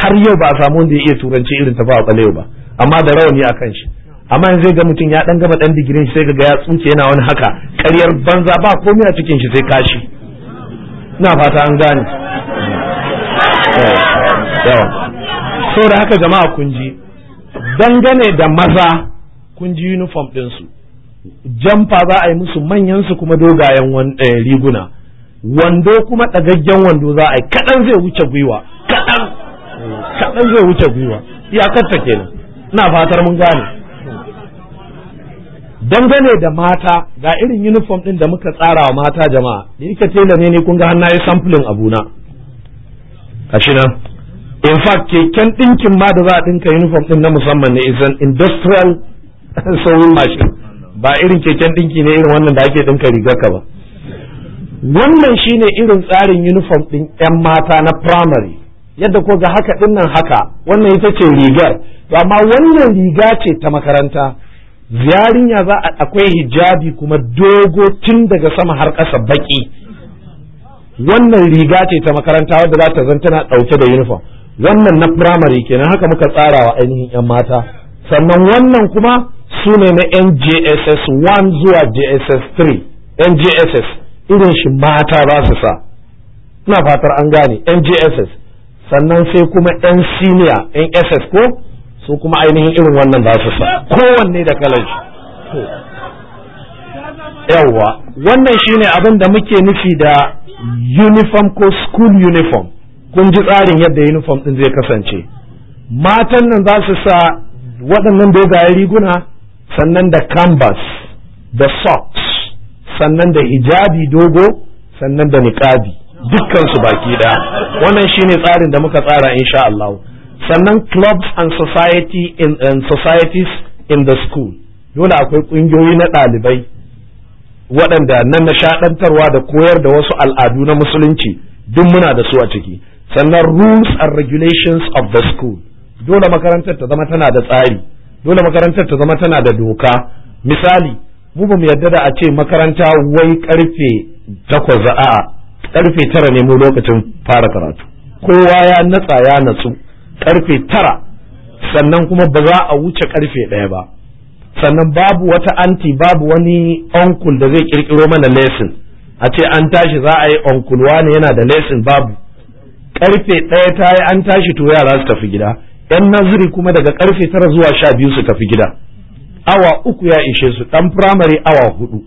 har yau ba a samu wanda ya iya turanci irin ta fawa kalewa ba amma da rawani a kan shi amma yanzu ga mutum ya dan gama dan digirin shi sai ga ya tsuke yana wani haka ƙaryar banza ba komai a cikin shi sai kashi ina fata an gane yawa da haka jama'a kun ji dangane da maza kun ji uniform su jamfa za a yi musu manyan su kuma dogayen eh, riguna wando kuma ɗagaggen wando za a yi kaɗan zai wuce gwiwa kadan kadan zai wuce gwiwa kenan na fatar mun gane dangane da mata ga irin uniform din da muka tsara wa mata jama'a da ita tela ne ne kun ga hannaye sampling abuna kashi nan in fact keken dinkin ma da za a dinka uniform din na musamman ne is an industrial sewing machine ba irin keken dinki ne irin wannan da ake dinka rigar ka ba wannan shine irin tsarin uniform din yan mata na primary yadda ko ga haka dinnan haka wannan ita ce rigar to amma wannan riga ce ta makaranta yarinya za a akwai hijabi kuma dogo tun daga sama har ƙasa baƙi. wannan riga ce ta makaranta wadda za ta tana ɗauke da uniform wannan na firamare kenan haka muka tsara wa ainihin 'yan mata sannan wannan kuma su ne na njss 1 zuwa jss 3 njss irin shi mata za su sa ina fatar an gane njss sannan sai kuma 'yan senior 'yan ss ko su kuma ainihin irin wannan ba su sa kowanne da kalar shi yawwa wannan shine abin da muke nufi da uniform ko school uniform kun ji tsarin yadda uniform din zai kasance matan nan za su sa waɗannan dogayen riguna sannan da canvas da socks sannan da hijabi dogo sannan da niƙabi su baki da wannan shine tsarin da muka tsara insha Allah sannan clubs and society in, and societies in the school dole akwai ƙungiyoyi na ɗalibai waɗanda na nishaɗantarwa da koyar da wasu al'adu na musulunci duk muna da su a ciki sannan rules and regulations of the school dole makarantar ta zama tana da tsari dole makarantar ta zama tana da doka misali mu ba mu yarda da a ce makaranta wai karfe takwas a karfe tara ne mu lokacin fara karatu kowa ya natsa ya natsu karfe tara sannan kuma ba za a wuce karfe ɗaya ba sannan babu wata anti babu wani onkul da zai kirkiro mana lesson a ce an tashi za a yi onkul wani yana da lesson babu karfe ɗaya ta yi an tashi to yara su tafi gida yan naziri kuma daga karfe tara zuwa sha biyu su tafi gida awa uku ya ishe su ɗan firamare awa hudu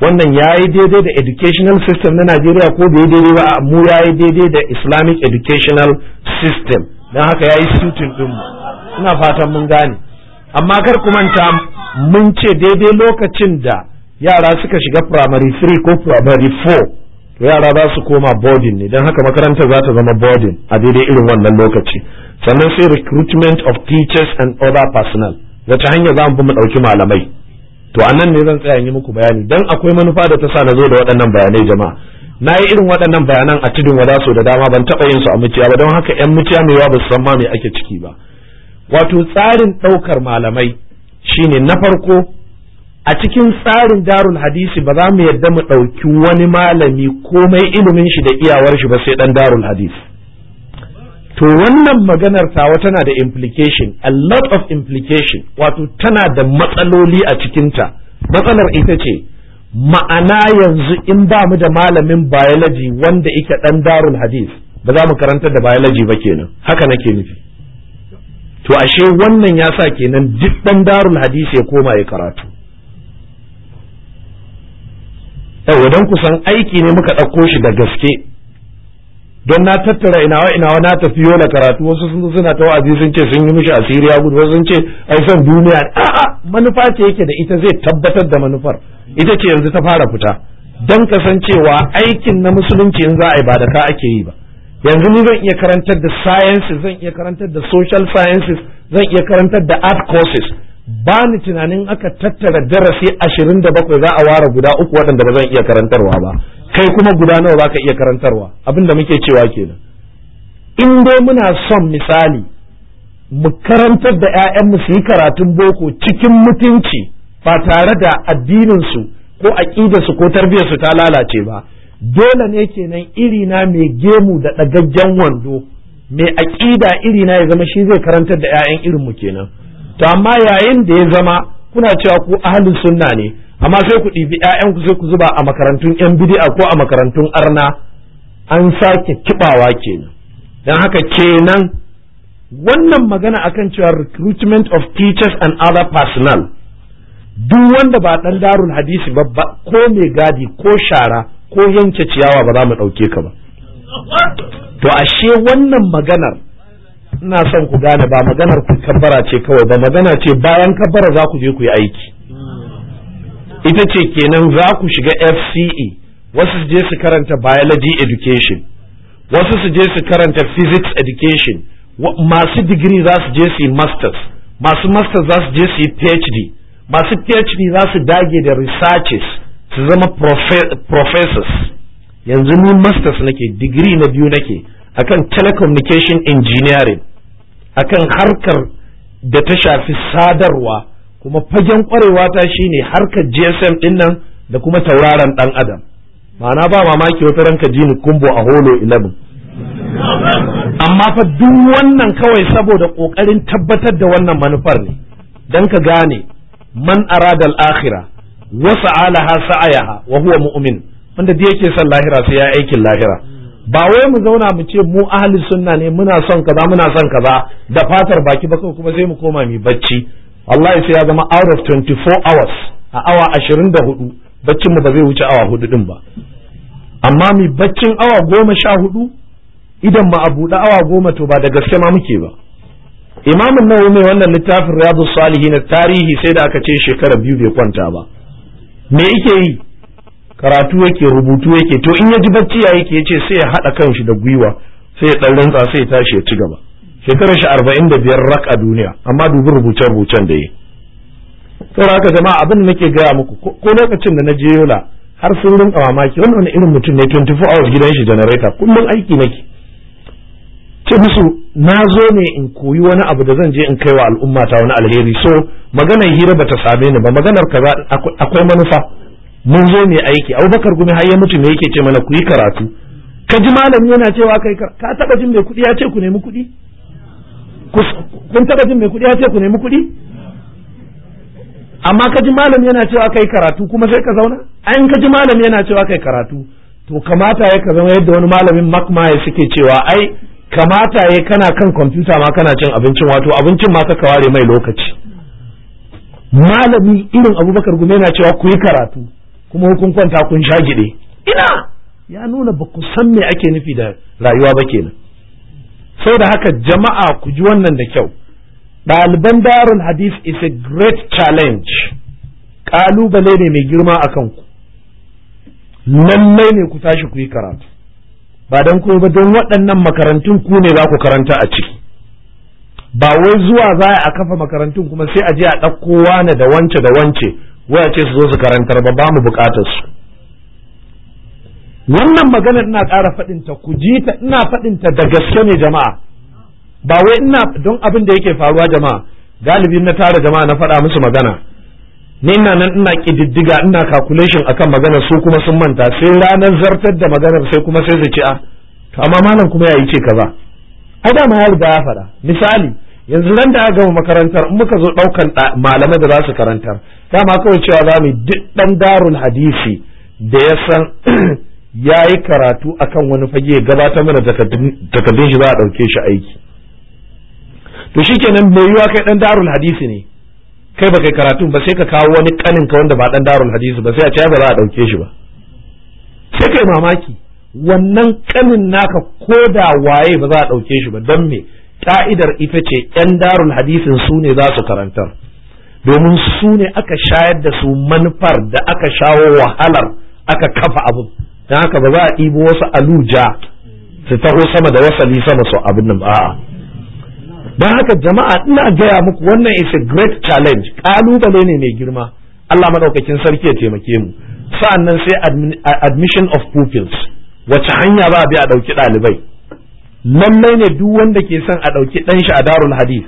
wannan ya yi daidai da educational system na najeriya ko da ya daidai ba mu ya yi daidai da islamic educational system don haka ya yi sutin ɗinmu ina fatan mun gane amma kar ku manta mun ce daidai lokacin da yara suka shiga primary 3 ko primary 4 to yara za su koma boarding ne don haka makaranta za ta zama boarding a daidai irin wannan lokaci sannan sai recruitment of teachers and other personnel wata hanya za mu bi mu ɗauki malamai to a nan ne zan tsaya yi muku bayani don akwai manufa da ta sa na zo da waɗannan bayanai jama'a na yi irin waɗannan bayanan a tudun wada so da dama ban taɓa yin su a muciya ba don haka yan muciya mai yawa ba su san ma me ake ciki ba wato tsarin ɗaukar malamai shine na farko a cikin tsarin darul hadisi ba za mu yadda mu ɗauki wani malami komai ilimin shi da iyawar shi ba sai ɗan darul hadisi to wannan maganar tawa tana da implication a lot of implication wato tana da matsaloli a cikinta matsalar ita ce ma'ana yanzu in ba mu da malamin biology wanda ike dan darul hadith ba za mu karanta da biology ba kenan haka nake nufi to ashe wannan ya sa kenan duk dan darul hadith ya koma ya karatu yau dan kusan aiki ne muka ɗauko shi da gaske don na tattara inawa wa na tafi yola karatu wasu sun suna ta wa'azi sun ce sun yi mishi asiri ya gudu wasu sun ce ai son duniya a'a manufa ce yake da ita zai tabbatar da manufar ita ce yanzu ta fara fita don kasancewa aikin na musulunci in za a yi ba da ka ake yi ba yanzu ni zan iya karantar da sciences zan iya karantar da social sciences zan iya karantar da art courses ba ni tunanin aka tattara darasi ashirin da bakwai za a ware guda uku waɗanda ba zan iya karantarwa ba kai kuma guda nawa ka iya karantarwa abin da muke cewa kenan in dai muna son misali mu karantar da 'ya'yanmu su yi karatun boko cikin mutunci ba tare da addininsu ko aƙidarsu ko su ta lalace ba dole ne kenan irina mai gemu da ɗagaggen wando mai aƙida irina ya zama shi zai karantar da 'ya'yan irinmu kenan to amma yayin da ya zama kuna cewa ku ahalin sunna ne amma sai ku ɗibi ku sai ku zuba a makarantun yan bid'a ko a makarantun arna an sake kibawa kenan dan haka kenan wannan magana akan cewa recruitment of teachers and other personnel duk wanda ba dan darul hadisi ba ko mai gadi ko shara ko yanke ciyawa ba za mu ɗauke ka ba to ashe wannan maganar ina son ku gane ba maganar ku kabbara ce kawai ba magana ce bayan kabbara za ku je ku yi aiki ita ce kenan za ku shiga FCE wasu su je su karanta biology education wasu su je su karanta physics education masu digiri za su je su yi masters masu masters za su je su yi PhD masu PhD za su dage da researches su zama professors yanzu ni masters nake digiri na biyu nake akan telecommunication engineering akan harkar da ta shafi sadarwa kuma fagen kwarewa ta shine harkar GSM din da kuma tauraron dan adam ma'ana ba mamaki wata ranka jini kumbo a holo 11 amma fa duk wannan kawai saboda kokarin tabbatar da wannan manufar ne dan ka gane man aradal akhira wa sa'alaha sa'ayaha wa huwa mu'min wanda da yake son lahira sai ya aikin lahira ba wai mu zauna mu ce mu ahli sunna ne muna son kaza muna son kaza da fatar baki ba kuma sai mu koma mai bacci wallahi sai ya zama out of 24 hours a awa 24 baccin mu ba zai wuce awa hudu din ba amma mu baccin awa goma sha hudu idan ma a buɗe awa goma to ba da gaske ma muke ba Imamin nawawi mai wannan littafin riyadu salihin tarihi sai da aka ce shekara biyu bai kwanta ba me yake yi karatu yake rubutu yake to in ya ji bacci ya yake yace sai ya hada kanshi da gwiwa sai ya dan sai ya tashi ya ci gaba shekarar shi arba'in da biyar rak a duniya amma dubi rubuce rubucen da yi saboda haka jama'a abin da nake gaya muku ko lokacin da na je yola har sun rinka mamaki wannan wani irin mutum ne 24 hours gidan shi generator kullum aiki nake ce musu na zo ne in koyi wani abu da zan je in kai wa al'umma ta wani alheri so maganar hira bata same ni ba maganar kaza akwai manufa mun zo mai aiki abubakar gumi har ya mutu me yake ce mana ku yi karatu ka ji malami yana cewa kai ka taba jin mai kuɗi ya ce ku nemi kuɗi kun taba jin mai kuɗi ya ce ku nemi kuɗi amma ka ji malami yana cewa kai karatu kuma sai ka zauna ayin ka ji malami yana cewa kai karatu to kamata ya ka zama yadda wani malamin makma ya suke cewa ai kamata ya kana kan kwamfuta ma kana cin abincin wato abincin ma ka ware mai lokaci malami irin abubakar gume yana cewa ku yi karatu kuma hukun kwanta kun sha gide ina ya nuna ba ku san me ake nufi da rayuwa ba kenan da haka jama'a ku ji wannan da kyau ɗaliban darul hadith is a great challenge ƙalubale ne mai girma a kanku lallai ne ku tashi ku yi karatu ba don kuma ba don waɗannan makarantun ku ne za ku karanta a ciki ba wai zuwa za a kafa makarantun kuma sai a je a ɗauko wane da wance da wance waya ce su zo su karantar ba ba mu bukatar su wannan magana ina ƙara faɗinta ku ji ta ina faɗinta da gaske ne jama'a ba wai ina don abin da yake faruwa jama'a galibi na tara jama'a na faɗa musu magana ni ina nan ina kididdiga ina calculation akan maganar su kuma sun manta sai ranar zartar da maganar sai kuma sai su ce a ah, to amma malam kuma ya yi ce kaza ai dama ya riga ya faɗa misali yanzu nan da aka gama makarantar muka zo ɗaukan malamai da za su karantar dama kawai cewa za mu duk ɗan darul hadisi da ya san ya yi karatu akan wani fage gabatar mana takardun shi za a ɗauke shi aiki to shikenan mai yiwa kai ɗan darul hadisi ne kai ba kai karatu ba sai ka kawo wani kanin ka wanda ba ɗan darul hadisi ba sai a ce ba za a ɗauke shi ba sai kai mamaki wannan kanin naka ko da waye ba za a ɗauke shi ba dan me ka'idar ita ce yan darul hadisin su ne za su karantar domin su ne aka shayar da su manufar da aka shawo wahalar aka kafa abu don haka ba za a ɗibo wasu aluja su taho sama da wasali sama su abin nan a'a don haka jama'a ina gaya muku wannan is a great challenge kalubale ne mai girma Allah madaukakin sarki ya taimake mu Sa'an nan sai admission of pupils wace hanya ba a bi a ɗauki ɗalibai lallai ne duk wanda ke son a ɗauki ɗanshi a darul Hadis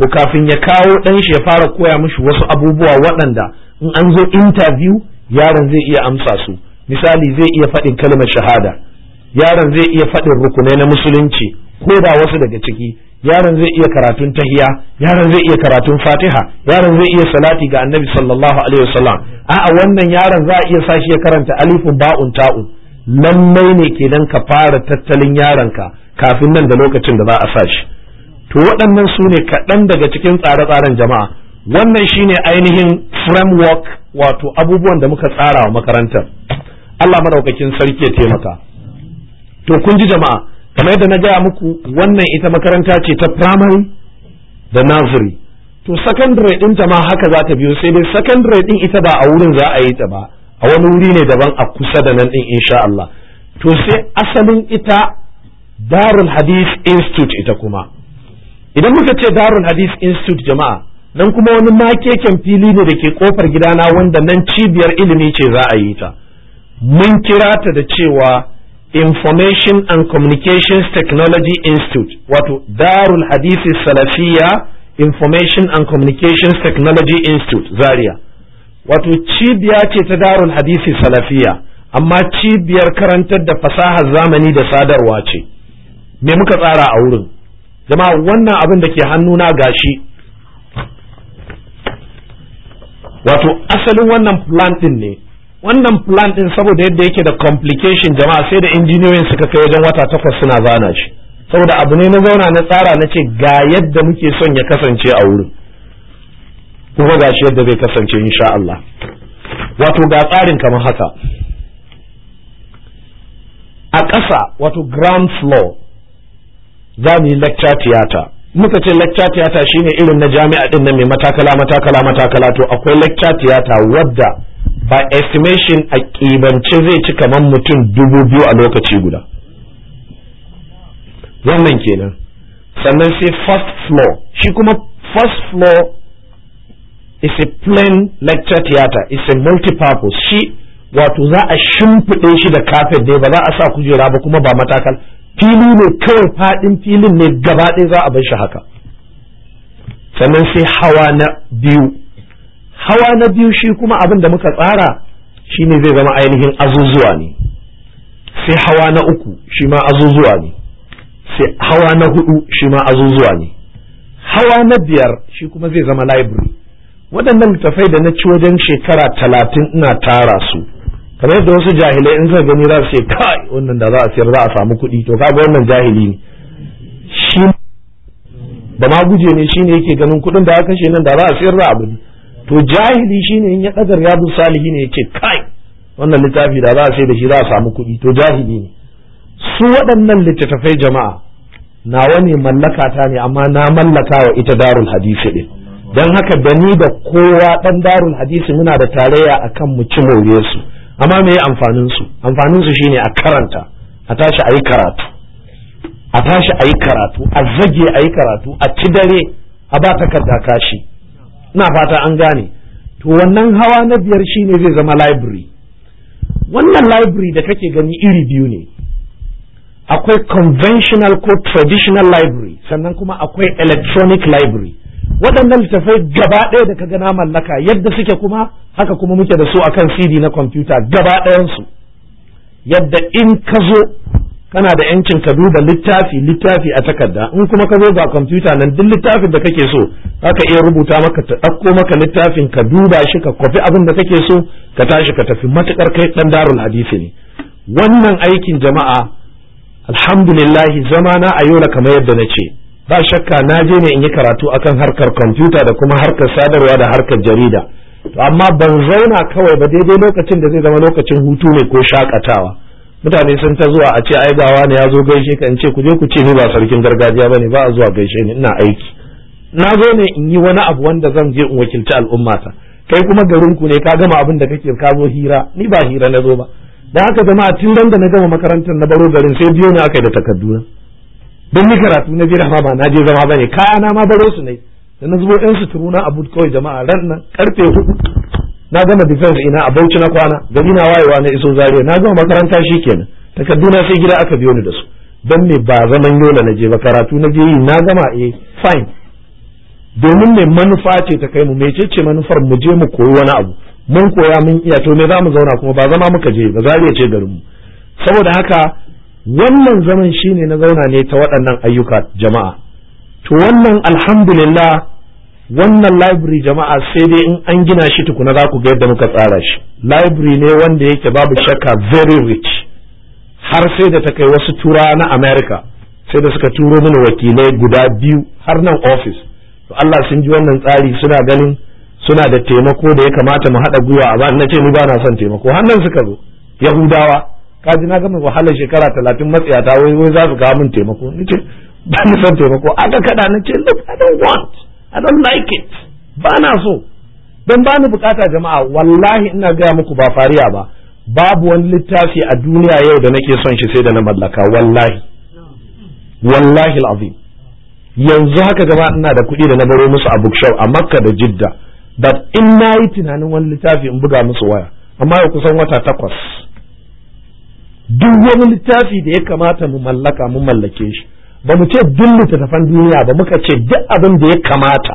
to kafin ya kawo ɗanshi ya fara koya mishi wasu abubuwa waɗanda in an zo interview yaron zai iya amsa su misali zai iya faɗin kalmar shahada yaron zai iya faɗin rukunai na musulunci ko ba wasu daga ciki yaron zai iya karatun tahiya yaron zai iya karatun fatiha yaron zai iya salati ga annabi sallallahu alaihi wasallam a'a wannan yaron za a iya sashi ya karanta alifun ba'un ta'un lallai ne kenan ka fara tattalin yaronka kafin nan da lokacin da za a sa to waɗannan su ne kaɗan daga cikin tsare-tsaren jama'a wannan shine ainihin framework wato abubuwan da muka tsara wa makarantar Allah madaukakin sarki ya taimaka to kun ji jama'a kamar yadda na gaya muku wannan ita makaranta ce ta primary da nursery to secondary din ta ma haka za ta biyo sai dai secondary din ita ba a wurin za a yi ta ba a wani wuri ne daban a kusa da nan din insha Allah to sai asalin ita darul hadith institute ita kuma idan muka ce darul hadith institute jama'a nan kuma wani makeken fili ne da ke kofar gidana wanda nan cibiyar ilimi ce za a yi ta mun kira ta da cewa information and communications technology institute wato darul hadith salafiya information and communications technology institute zaria wato cibiya ce ta darul hadisi salafiya amma cibiyar karantar da fasahar zamani da sadarwa ce me muka tsara a wurin jama'a wannan abin da ke hannuna gashi wato asalin wannan plan din ne wannan plan din saboda yadda yake da complication jama'a sai da injiniyoyin suka kai wajen wata takwas suna zana shi saboda abu ne na zauna na tsara na ce ga yadda muke son ya kasance a wurin kuma ga shi yadda zai kasance insha Allah wato ga tsarin kamar haka a ƙasa wato ground floor za mu yi lecture theater muka ce lecture theater shine irin na jami'a din nan mai matakala matakala matakala to akwai lecture theater wadda by estimation a kibance zai ci kamar mutum dubu biyu a lokaci guda wannan kenan sannan sai first floor shi kuma first floor is a plain lecture theater is a multi-purpose shi wato za a shimfiɗe shi da kafet ne ba za a sa kujera ba kuma ba matakal fili ne kawai fadin filin ne gaba ɗaya za a bar shi haka sannan sai hawa na biyu hawa na biyu shi kuma abin da muka tsara shi ne zai zama ainihin azuzuwa ne sai hawa na uku shi ma azuzuwa ne sai hawa na hudu shi ma azuzuwa ne hawa na biyar shi kuma zai zama library waɗannan tafai da na ci wajen shekara talatin ina tara su kamar yadda wasu jahilai in suka gani za su ce kai wannan da za a siyar za a samu kuɗi to kaga wannan jahili ne shi ba ma guje ne shine yake ganin kuɗin da aka kashe nan da za a siyar za a gudu. to jahili shine in ya ɗaga riyadu salihi ne yake kai wannan littafi da za a sai da shi za a samu kuɗi to jahili ne su waɗannan littattafai jama'a nawa ne mallaka ta ne amma na mallaka wa ita darul hadisi ɗin don haka da ni da kowa ɗan darul hadisi muna da tarayya akan mu ci su amma me amfanin su amfanin su shine a karanta a tashi a yi karatu a tashi a yi karatu a zage a yi karatu a ci dare a ba takarda kashi ina fata an gane to wannan hawa na biyar shine zai zama library wannan library da kake gani iri biyu ne akwai conventional ko traditional library sannan kuma akwai electronic library waɗannan littattafai gaba ɗaya da kaga na mallaka yadda suke kuma haka kuma muke da su akan CD na kwamfuta gaba ɗayansu yadda in ka zo kana da yancin ka duba littafi littafi a takarda in kuma ka zo ga kwamfuta nan duk littafin da kake so haka iya rubuta maka ta ɗauko maka littafin ka duba shi ka kwafi abin da kake so ka tashi ka tafi matukar kai ɗan darul hadisi ne wannan aikin jama'a alhamdulillahi zamana a yola kamar yadda na ce ba shakka na je ne in yi karatu akan harkar kwamfuta da kuma harkar sadarwa da harkar jarida to amma ban zauna kawai ba daidai lokacin da zai zama lokacin hutu ne ko shakatawa mutane sun ta zuwa a ce ai ga wani ya zo gaishe ka in ce ku je ku ce ni ba sarkin gargajiya bane ba a zuwa gaishe ni ina aiki na zo ne in yi wani abu wanda zan je in wakilci al'umma ta kai kuma garin ku ne ka gama abin da kake ka zo hira ni ba hira na zo ba da haka jama'a tun da na gama makarantar na baro garin sai biyo ne aka da takarduna don ni karatu na jira ma ba na je zama bane kaya na ma baro su ne da na zubo yan suturu na abu kawai jama'a ran nan karfe hudu na gama defense ina a Bauchi na kwana Gani na wayewa na iso Zaria na gama makaranta shi kenan. takarduna sai gida aka biyo ni da su don me ba zaman yola na je ba karatu na je yi na gama eh fine domin me manufa ce ta kai mu mecece manufar mu je mu koyi wani abu mun koya mun iya to me za mu zauna kuma ba zama muka je ba Zaria ce garin saboda haka wannan zaman shi ne na zauna ne ta waɗannan ayyuka jama'a to wannan alhamdulillah wannan library jama'a sai dai in an gina shi tukuna za ku ga yadda muka tsara shi library ne wanda yake babu shakka very rich har sai da ta kai wasu tura na america sai da suka turo mini wakilai guda biyu har nan office to Allah sun ji wannan tsari suna ganin suna da taimako da ya kamata mu haɗa gwiwa a ba na ce ni ba na son taimako har nan suka zo yahudawa Kaji na gama wahalar shekara talatin matsaya ta wai wai za su kawo mun taimako ni ce ba ni son taimako aka kada na ce look I don't want I don't like it ba na so don ba ni bukata jama'a wallahi ina gaya muku ba fariya ba babu wani littafi a duniya yau da nake son shi sai da na mallaka wallahi wallahi al'azim yanzu haka jama'a ina da kuɗi da na baro musu a bookshop a makka da jidda but in na yi tunanin wani littafi in buga musu waya amma ya kusan wata takwas duk wani littafi da ya kamata mu mallaka mu mallake shi ba mu ce duk littattafan duniya ba muka ce duk abin da ya kamata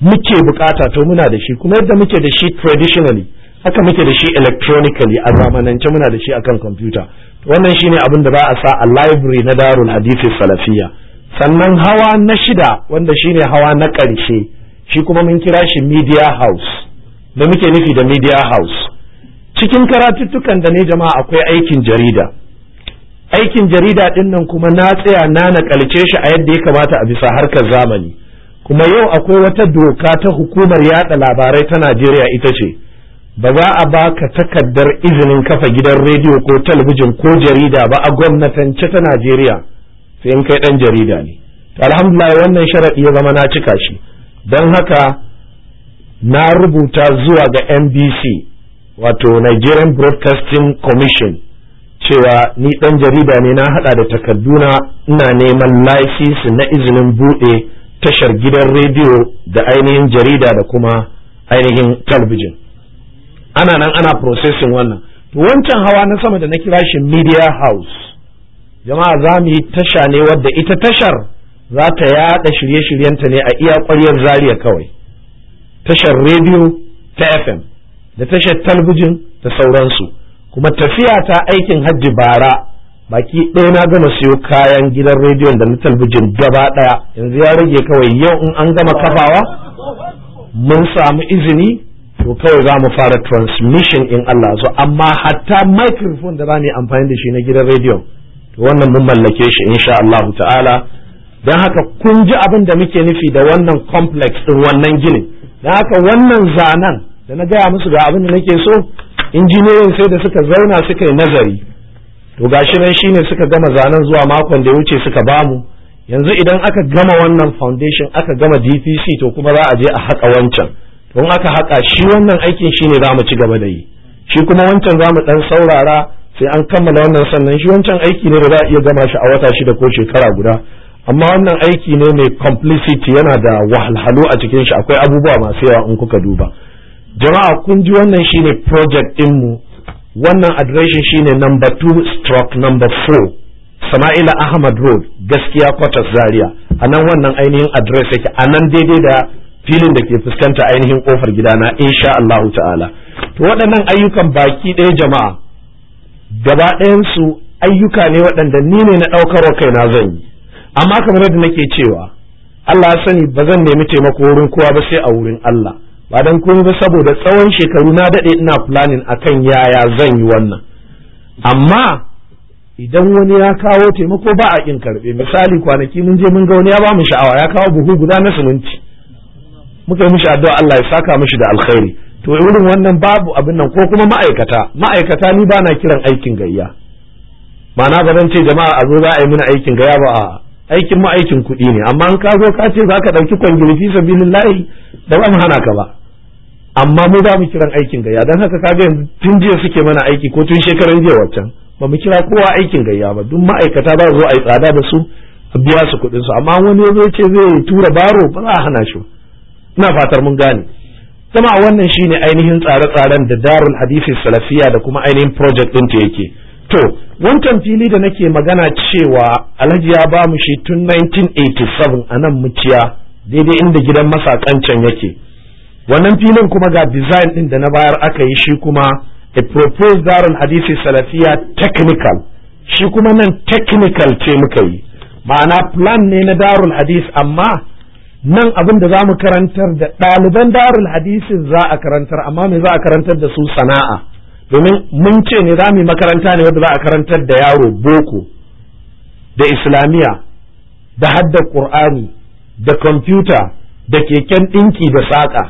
muke bukata to muna da shi kuma yadda muke da shi traditionally haka muke da shi electronically a zamanance muna da shi akan computer. wannan shine abin da za a sa a library na darul hadisi salafiya sannan hawa na shida wanda shine hawa na ƙarshe shi kuma mun kira shi media house da muke nufi da media house cikin karatuttukan da ne jama'a akwai aikin jarida aikin jarida din nan kuma na tsaya na nakalce shi a yadda ya kamata a bisa harkar zamani kuma yau akwai wata doka ta hukumar yada labarai ta Najeriya ita ce ba za a baka takardar izinin kafa gidan rediyo ko talabijin ko jarida ba a gwamnatance ta Najeriya sai in kai dan jarida ne alhamdulillah wannan sharadi ya zama na cika shi don haka na rubuta zuwa ga NBC wato Nigerian Broadcasting Commission cewa ni ɗan jarida ne na haɗa da takarduna ina neman lasisi na izinin buɗe tashar gidan rediyo da ainihin jarida da kuma ainihin television ana nan ana processing wannan to wancan hawa na sama da na kira shi media house jama'a za mu yi tasha ne wadda ita tashar za ta yaɗa shirye-shiryenta ne a iya ƙwaryar zaria kawai tashar rediyo ta fm da tashar talbijin da sauransu kuma tafiya ta aikin hajji bara baki ɗaya na gama siyo kayan gidan rediyon da na talbijin gaba ɗaya yanzu ya rage kawai yau in an gama kafawa mun samu izini to kawai za mu fara transmission in Allah so amma hatta microphone da za mu amfani da shi na gidan rediyon to wannan mun mallake shi insha Allah ta'ala don haka kun ji abin da muke nufi da wannan complex din wannan ginin dan haka wannan zanen da na gaya musu ga abin da nake so injiniyoyin sai da suka zauna suka yi nazari to gashi nan shine suka gama zanen zuwa makon da ya wuce suka bamu yanzu idan aka gama wannan foundation aka gama DPC to kuma za a je a haka wancan to in aka haƙa shi wannan aikin shine za mu ci gaba da yi shi kuma wancan za mu ɗan saurara sai an kammala wannan sannan shi wancan aiki ne da za a iya gama shi a wata shida ko shekara guda amma wannan aiki ne mai complicity yana da wahalhalu a cikin shi akwai abubuwa masu yawa in kuka duba jama'a kun ji wannan shine project ɗinmu wannan adireshin shine number 2 stroke number 4 sama'ila ahmad road gaskiya kwatas zaria a nan wannan ainihin adres yake a nan daidai da filin da ke fuskanta ainihin kofar gidana insha Allah ta'ala to waɗannan ayyukan baki ɗaya jama'a gaba ɗayansu ayyuka ne waɗanda ni ne na ɗaukarwa kaina zan yi amma kamar yadda nake cewa Allah sani ba zan nemi taimako wurin kowa ba sai a wurin Allah ba dan kun ga saboda tsawon shekaru na daɗe ina planning akan yaya zan yi wannan amma idan wani ya kawo taimako ba a kin karɓe misali kwanaki mun je mun ga wani ya ba mu sha'awa ya kawo buhu guda na siminti muka yi mishi addu'a Allah ya saka mishi da alkhairi to irin wannan babu abin nan ko kuma ma'aikata ma'aikata ni ba na kiran aikin gayya ma'ana ga zan ce jama'a a zo za a yi mini aikin gayya ba a aikin mu aikin kuɗi ne amma in ka zo ka ce za ka ɗauki kwangili fi sabilillahi da ba mu hana ka ba amma mu ba mu kiran aikin gayya don haka kaga yanzu tun jiya suke mana aiki ko tun shekaran jiya waccan ba mu kira kowa aikin gayya ba duk ma'aikata ba zo a yi tsada da su a biya su kuɗin su amma wani ya ce zai tura baro ba za a hana shi ina fatar mun gane sama wannan shine ainihin tsare-tsaren da darul hadisi salafiya da kuma ainihin project ɗin ta yake to wancan fili da nake magana cewa alhaji ya ba mu shi tun 1987 a nan muciya daidai inda gidan masakancan yake wannan filin kuma ga design din da na bayar aka yi shi kuma a proposed darun hadisi salafiya technical shi kuma nan technical ce muka yi ma'ana plan ne na darul hadis amma nan abin da za mu karantar da ɗaliban darul hadisin za a karantar amma me za a karantar da su sana'a domin mun ce ne za mu yi makaranta ne wadda za a karantar da yaro boko da islamiyya da hadda ƙur'ani da kwamfuta da keken ɗinki da saƙa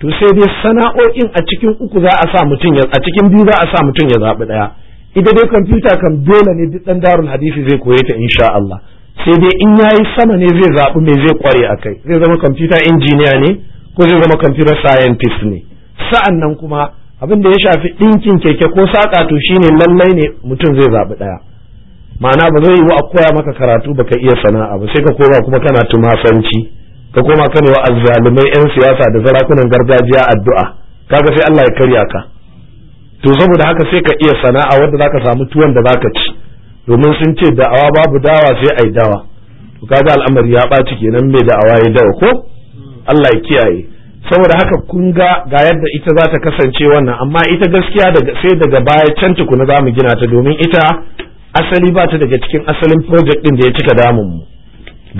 to sai dai sana'o'in a cikin uku za a sa mutum ya a cikin biyu za a sa mutum ya zaɓi ɗaya ita dai kwamfuta kan dole ne duk ɗan darul hadisi zai koye ta insha Allah sai dai in yayi sama ne zai zaɓi mai zai kware a kai zai zama kwamfuta injiniya ne ko zai zama kwamfuta scientist ne sa'an nan kuma abin da ya shafi ɗinkin keke ko saƙa to shine lallai ne mutum zai zaɓi ɗaya ma'ana ba zai yiwu a koya maka karatu baka iya sana'a ba sai ka koma kuma kana tumasanci ka koma kana wa azzalumai yan siyasa da zarakunan gargajiya addu'a kaga sai Allah ya karya ka to saboda haka sai ka iya sana'a wanda zaka samu tuwon da zaka ci domin sun ce da'awa babu dawa sai ai dawa to kaga al'amari ya ɓaci kenan mai da'awa ya dawa ko Allah ya kiyaye saboda haka kun ga ga yadda ita za ta kasance wannan amma ita gaskiya daga sai daga baya can tukuna za zamu gina ta domin ita asali ba ta daga cikin asalin project din da ya cika damun mu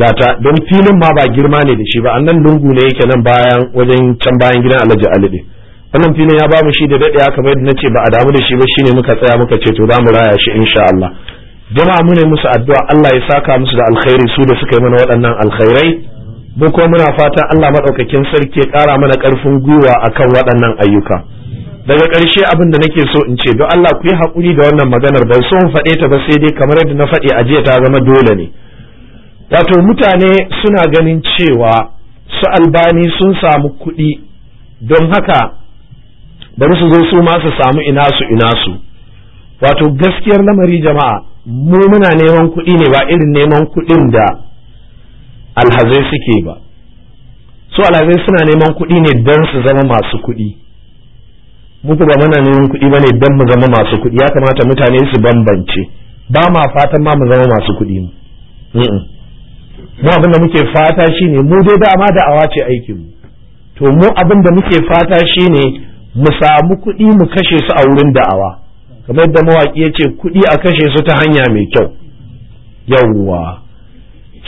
gata don filin ma ba girma ne da shi ba annan lungu ne yake nan bayan wajen can bayan gidan Alhaji Ali din wannan filin ya ba mu shi da dade kamar yadda nace ba a damu da shi ba shine muka tsaya muka ce to zamu raya shi insha Allah jama'a mu ne musu addu'a Allah ya saka musu da alkhairi su da suka yi mana waɗannan alkhairai mu ko muna fatan Allah maɗaukakin sarki ya ƙara mana ƙarfin gwiwa akan waɗannan ayyuka daga ƙarshe abin da nake so in ce don Allah ku yi haƙuri da wannan maganar ban so in faɗe ta ba sai dai kamar yadda na faɗi a jiya ta zama dole ne wato mutane suna ganin cewa su albani sun samu kuɗi don haka bari su zo su ma su samu ina su ina su wato gaskiyar lamari jama'a mu muna neman kuɗi ne ba irin neman kuɗin da alhazai suke ba su alhazai suna neman kuɗi ne don su zama masu kuɗi muku ba mana neman kuɗi ba ne don mu zama masu kuɗi ya kamata mutane su bambance ba ma fatan ma mu zama masu kuɗi mu abin da muke fata shine mu dai dama da'awa ce aikinmu to mu abin da muke fata shine mu samu kuɗi mu kashe su a wurin da'awa kamar da mawaƙi ya ce kuɗi a kashe su ta hanya mai kyau yawwa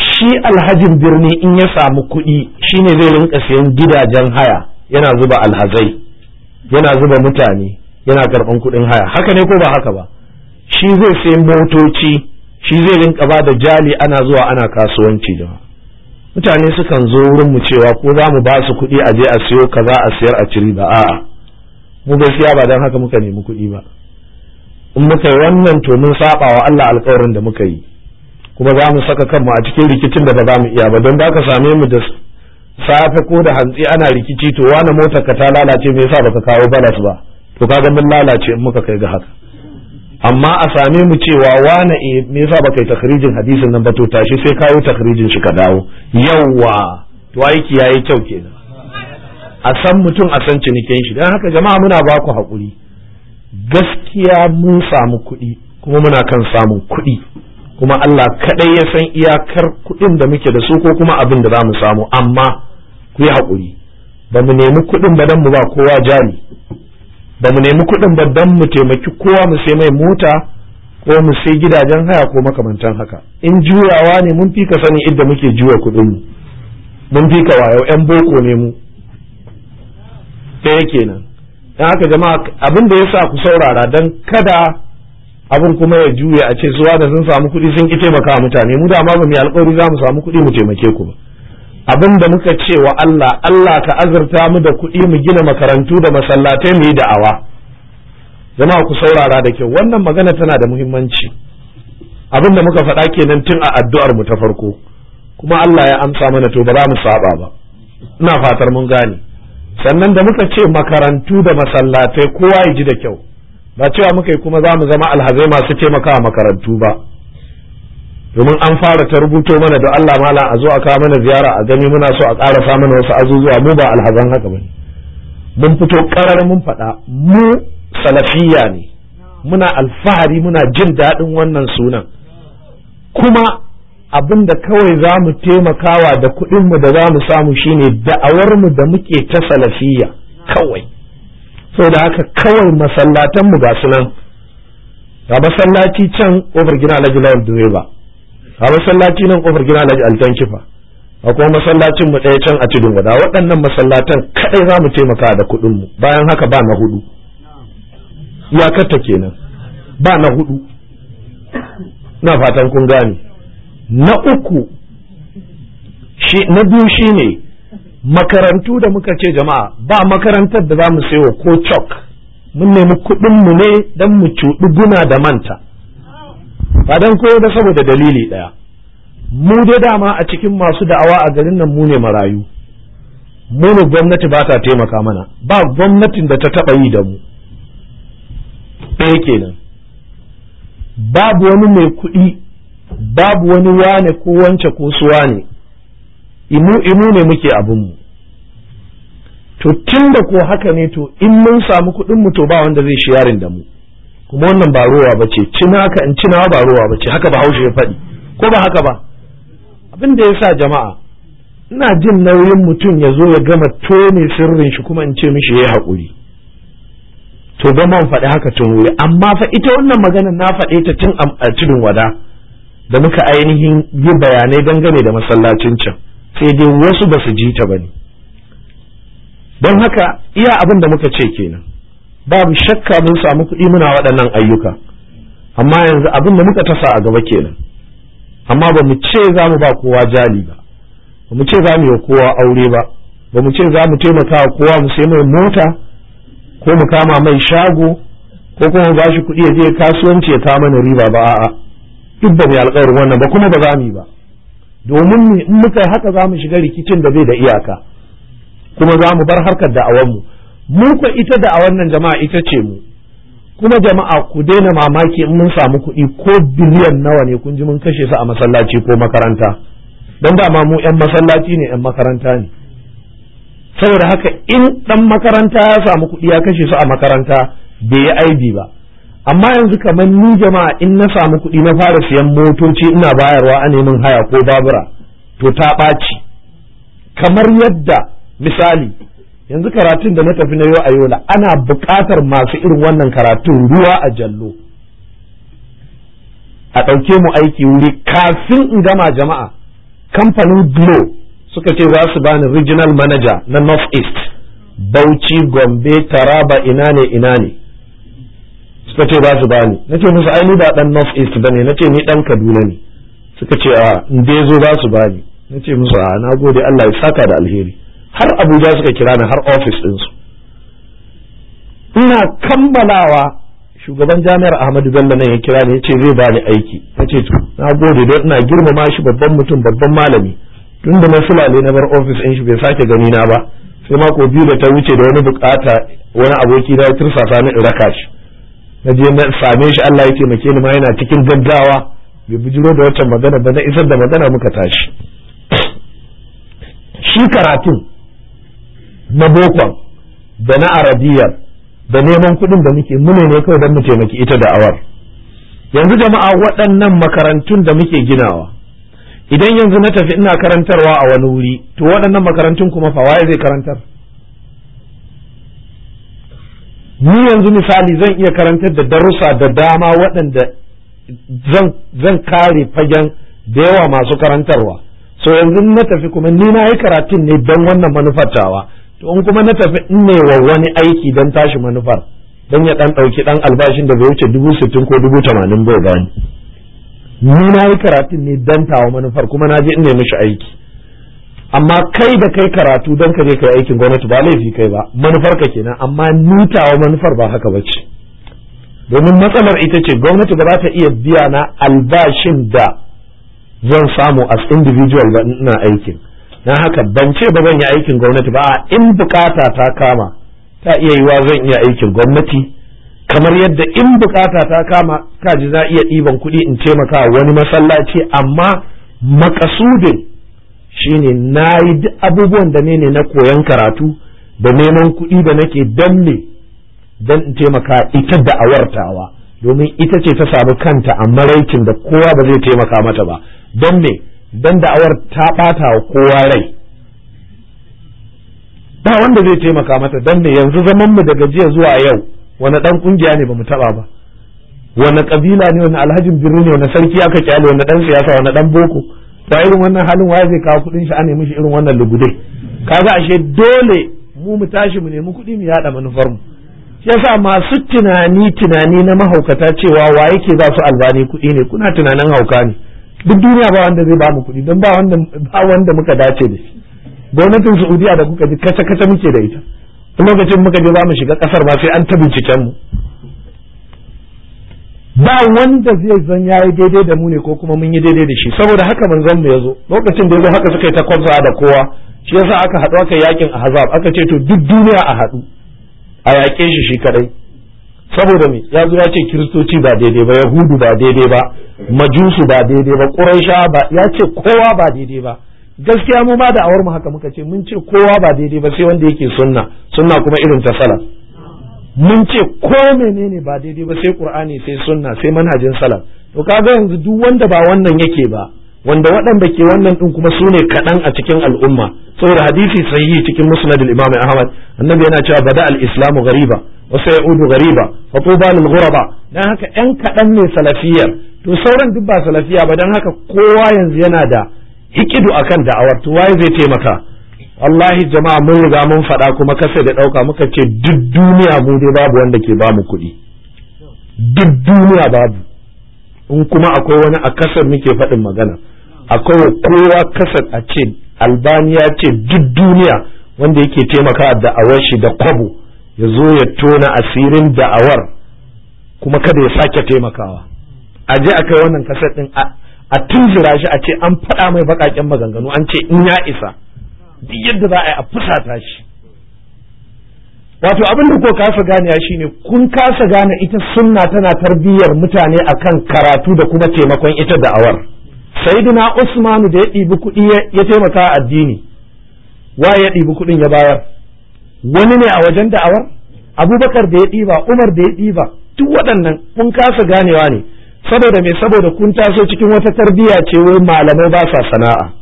shi alhajin birni in ya samu kuɗi shi ne zai rinka siyan gidajen haya yana zuba alhazai yana zuba mutane yana karɓan kuɗin haya haka ne ko ba haka ba shi zai sayi motoci shi zai rinka ba da jali ana zuwa ana kasuwanci da mutane sukan zo wurin mu cewa ko za mu ba su kuɗi a je a siyo kaza a siyar a ciri ba a'a mu gaskiya ba don haka muka nemi kuɗi ba in muka yi wannan to mun saba wa Allah alƙawarin da muka yi kuma za mu saka kanmu a cikin rikicin da ba za mu iya ba don da ka same mu da safe ko da hantsi ana rikici to wani motar ka ta lalace me yasa baka kawo balas ba to kaga mun lalace in muka kai ga haka amma a same mu cewa wani e eh, me yasa baka yi takrijin hadisin nan ba to tashi sai kawo takrijin shi ka dawo yawwa to aiki yayi kyau kenan a san mutum a san cinikin shi dan haka jama'a muna ba ku haƙuri gaskiya mun samu kuɗi kuma muna kan samun kuɗi kuma Allah kaɗai ya san iyakar kuɗin da muke da su ko kuma abin da za mu samu amma ku yi haƙuri ba mu nemi kuɗin ba don mu ba kowa jari ba mu nemi kuɗin ba don mu taimaki kowa mu sai mai mota ko mu sai gidajen haya ko makamantan haka in juyawa ne mun fi ka sani idda muke juya kuɗin mu mun fi ka wayo yan boko ne mu ɗaya kenan dan haka jama'a abin da yasa ku saurara dan kada abin kuma ya juya a ce zuwa da sun samu kuɗi sun ki taimaka mutane mu da ma ba mu alƙawari za mu samu kuɗi mu taimake ku ba abin da muka ce wa Allah Allah ka azurta mu da kuɗi mu gina makarantu da masallatai mu yi da'awa Zama ku saurara da kyau wannan magana tana da muhimmanci abin da muka faɗa kenan tun a addu'ar mu ta farko kuma Allah ya amsa mana to ba za mu saba ba ina fatar mun gane sannan da muka ce makarantu da masallatai kowa ya ji da kyau ba cewa muka yi kuma za mu zama alhazai masu taimaka makarantu ba domin an fara ta rubuto mana da Allah mala a zo a kawo mana ziyara a gani muna so a ƙara mana wasu azuzuwa mu ba alhazan haka ba mun fito ƙarar mun faɗa mu salafiya ne muna alfahari muna jin daɗin wannan sunan kuma abin da kawai za mu taimakawa da kuɗinmu da za mu samu shine mu da muke ta salafiya kawai da haka kawai masallatanmu ga su nan ga masallaci can ƙofar gina alhaji lawal direba ga masallaci nan kofar gina alhaji altan kifa a kuma masallacin mu ɗaya can a cikin wada waɗannan masallatan kaɗai za mu taimaka da kuɗin mu bayan haka ba na hudu iyakar ta kenan ba na hudu na fatan kun gane na uku na biyu shine makarantu da muka ce jama'a ba makarantar da za mu sayo ko cok mun nemi kuɗin mu ne don mu cuɗi guna da manta ba dan koyo da saboda dalili ɗaya mu dai dama a cikin masu da'awa a garin nan mu ne marayu mu ne gwamnati ba ta taimaka mana ba gwamnatin da ta taɓa yi da mu ɗaya kenan babu wani mai kuɗi babu wani wane ko wance ko suwa ne imu imu ne muke abinmu to tun da ko haka ne to in mun samu kuɗin mu to ba wanda zai shi yarin da mu kuma wannan ba ruwa ba ce cin haka in cinawa ba ruwa ba ce haka ba haushe ya faɗi ko ba haka ba abin da ya sa jama'a ina jin nauyin mutum ya zo ya gama tone sirrin shi kuma in ce mishi ya haƙuri to ba man faɗi haka tun wuri amma fa ita wannan maganar na faɗe ta tun a tudun wada da muka ainihin yi bayanai dangane da masallacin can sai dai wasu ba su ji ta ba ne don haka iya abin da muka ce kenan babu shakka mun samu kuɗi muna waɗannan ayyuka amma yanzu abin da muka tasa a gaba kenan amma ba mu ce za mu ba kowa jali ba ba mu ce za mu yi kowa aure ba ba mu ce za mu taimaka wa kowa mu sai mai mota ko mu kama mai shago ko kuma ba shi kuɗi ya je kasuwanci ya kama mana riba ba a'a duk ba mu yi alƙawarin wannan ba kuma ba za mu yi ba domin ne in muka yi haka za mu shiga rikicin da bai da iyaka kuma za mu bar harkar da'awarmu mu ko ita da'awar nan jama'a ita ce mu kuma jama'a ku daina mamaki in mun samu kuɗi ko biliyan nawa ne kun ji mun kashe su a masallaci ko makaranta don ma mu 'yan masallaci ne 'yan makaranta ne saboda haka in ɗan makaranta ya samu kuɗi ya kashe su a makaranta bai yi aibi ba amma yanzu kamar ni jama'a in na samu kuɗi na fara siyan motoci ina bayarwa a nemin haya ko babura to ta ɓaci kamar yadda misali yanzu karatun da na tafi na yau a yola ana buƙatar masu irin wannan karatun ruwa a jallo a ɗauke mu aiki wuri kafin in gama jama'a kamfanin glo suka ce za su bani regional manager na north east bauchi gombe taraba ina ne ina ne suka ce ba su bani nace musu ai ni ba dan north east bane nace ni dan kaduna ne suka ce a ah, in zo ba su bani nace musu a ah, na gode Allah ya saka da alheri har abuja suka kira ni har office din su ina kammalawa shugaban jami'ar Ahmadu Bello nan ya kira ni ce zai bani aiki nace to na gode don ina girmama shi babban mutum babban malami tunda na fulale na bar office din shi bai sake gani na ba sai mako biyu da ta wuce da wani bukata wani aboki na ya tursasa ni in raka shi na je na same shi Allah ya taimake ni ma yana cikin gaggawa bai bijiro da wata magana ba na isar da magana muka tashi shi karatun na bokon da na arabiyar da neman kuɗin da muke mune ne kawai don mu taimaki ita da awar yanzu jama'a waɗannan makarantun da muke ginawa idan yanzu na tafi ina karantarwa a wani wuri to waɗannan makarantun kuma fa waye zai karantar ni yanzu misali zan iya karantar da darussa da dama waɗanda zan kare fagen da yawa masu karantarwa so yanzu na tafi kuma ni na yi karatun ne don wannan manufar tawa to in kuma na tafi in ne wa wani aiki don tashi manufar don ya ɗan ɗauki ɗan albashin da bai wuce dubu sittin ko dubu tamanin bai gani ni na yi karatun ne don tawa manufar kuma na je in ne mishi aiki amma kai da kai karatu don ka je kai aikin gwamnati ba laifi kai ba manufar ka kenan amma nutawa manufar ba haka bace domin matsalar ita ce gwamnati ba za ta iya biya na albashin da zan samu as individual ba ina aikin na haka ban ce ba zan yi aikin gwamnati ba in bukata ta kama ta iya yiwa zan iya aikin gwamnati kamar yadda in bukata ta kama ka ji za iya ɗiban kuɗi in taimaka wani masallaci amma makasudin shine na yi abubuwan da ne na koyan karatu da neman kuɗi da nake danne me don in taimaka ita da awartawa domin ita ce ta sami kanta a maraikin da kowa ba zai taimaka mata ba don me don da'awar ta ɓata wa kowa rai ba wanda zai taimaka mata don me yanzu zaman mu daga jiya zuwa yau wani ɗan ƙungiya ne ba mu taɓa ba wani kabila ne wani alhajin birni ne wani sarki aka kyale wani dan siyasa wani dan boko ba irin wannan halin waye zai kawo kuɗin shi a nemi shi irin wannan lugudai kaga ashe dole mu mu tashi mu nemi kuɗi mu yada manufar mu yasa masu tunani tunani na mahaukata cewa wa yake za su albani kuɗi ne kuna tunanin hauka ne duk duniya ba wanda zai ba mu kuɗi don ba wanda ba wanda muka dace da shi gwamnatin Saudiya da kuka ji kace kace muke da ita lokacin muka je za mu shiga kasar ba sai an ta binciken mu ba wanda zai zan yi daidai da mu ne ko kuma mun yi daidai da shi saboda haka manzon mu zo lokacin da ya zo haka suka yi takwasa da kowa shi yasa aka haɗu aka yakin hazab aka ce to duk duniya a haɗu a yaƙe shi shi kadai saboda me ya zo ya ce kiristoci ba daidai ba yahudu ba daidai ba majusu ba daidai ba quraisha ba ya ce kowa ba daidai ba gaskiya mu ma da awar mu haka muka ce mun ce kowa ba daidai ba sai wanda yake sunna sunna kuma irin ta salaf mun ce ko menene ba daidai ba sai qur'ani sai sunna sai manhajin salaf to kaga yanzu duk wanda ba wannan yake ba wanda waɗanda ke wannan ɗin kuma su ne kaɗan a cikin al'umma saboda hadisi sahihi cikin musnad al-imam ahmad annabi yana cewa bada al-islam ghariba wa sayudu ghariba fa tuba lil ghuraba dan haka ɗan kaɗan ne salafiyar to sauran duk ba salafiya ba dan haka kowa yanzu yana da hikidu akan da'awar to waye zai taimaka wallahi jama'a mun riga mun faɗa kuma kasa da ɗauka muka ce duk duniya mu dai babu wanda ke ba mu kuɗi duk duniya babu in kuma akwai wani a kasar muke faɗin magana akwai kowa kasar a ce albaniya ce duk duniya wanda yake taimaka da'awar shi da kwabo ya zo ya tona asirin da'awar kuma kada ya sake taimakawa a je a kai wannan kasar ɗin a tunzura shi a ce an faɗa mai baƙaƙen maganganu an ce in ya isa duk yadda za a yi a fusata shi wato abin da ko kasa gane shine kun kasa gane ita sunna tana tarbiyyar mutane akan karatu da kuma taimakon ita da'awar sayyidina usmanu da ya ɗibi kuɗi ya taimaka addini wa ya ɗibi kuɗin ya bayar wani ne a wajen da'awar abubakar da ya ɗiba umar da ya ɗiba duk waɗannan kun kasa ganewa ne saboda me saboda kun taso cikin wata tarbiyya ce wai malamai ba sa sana'a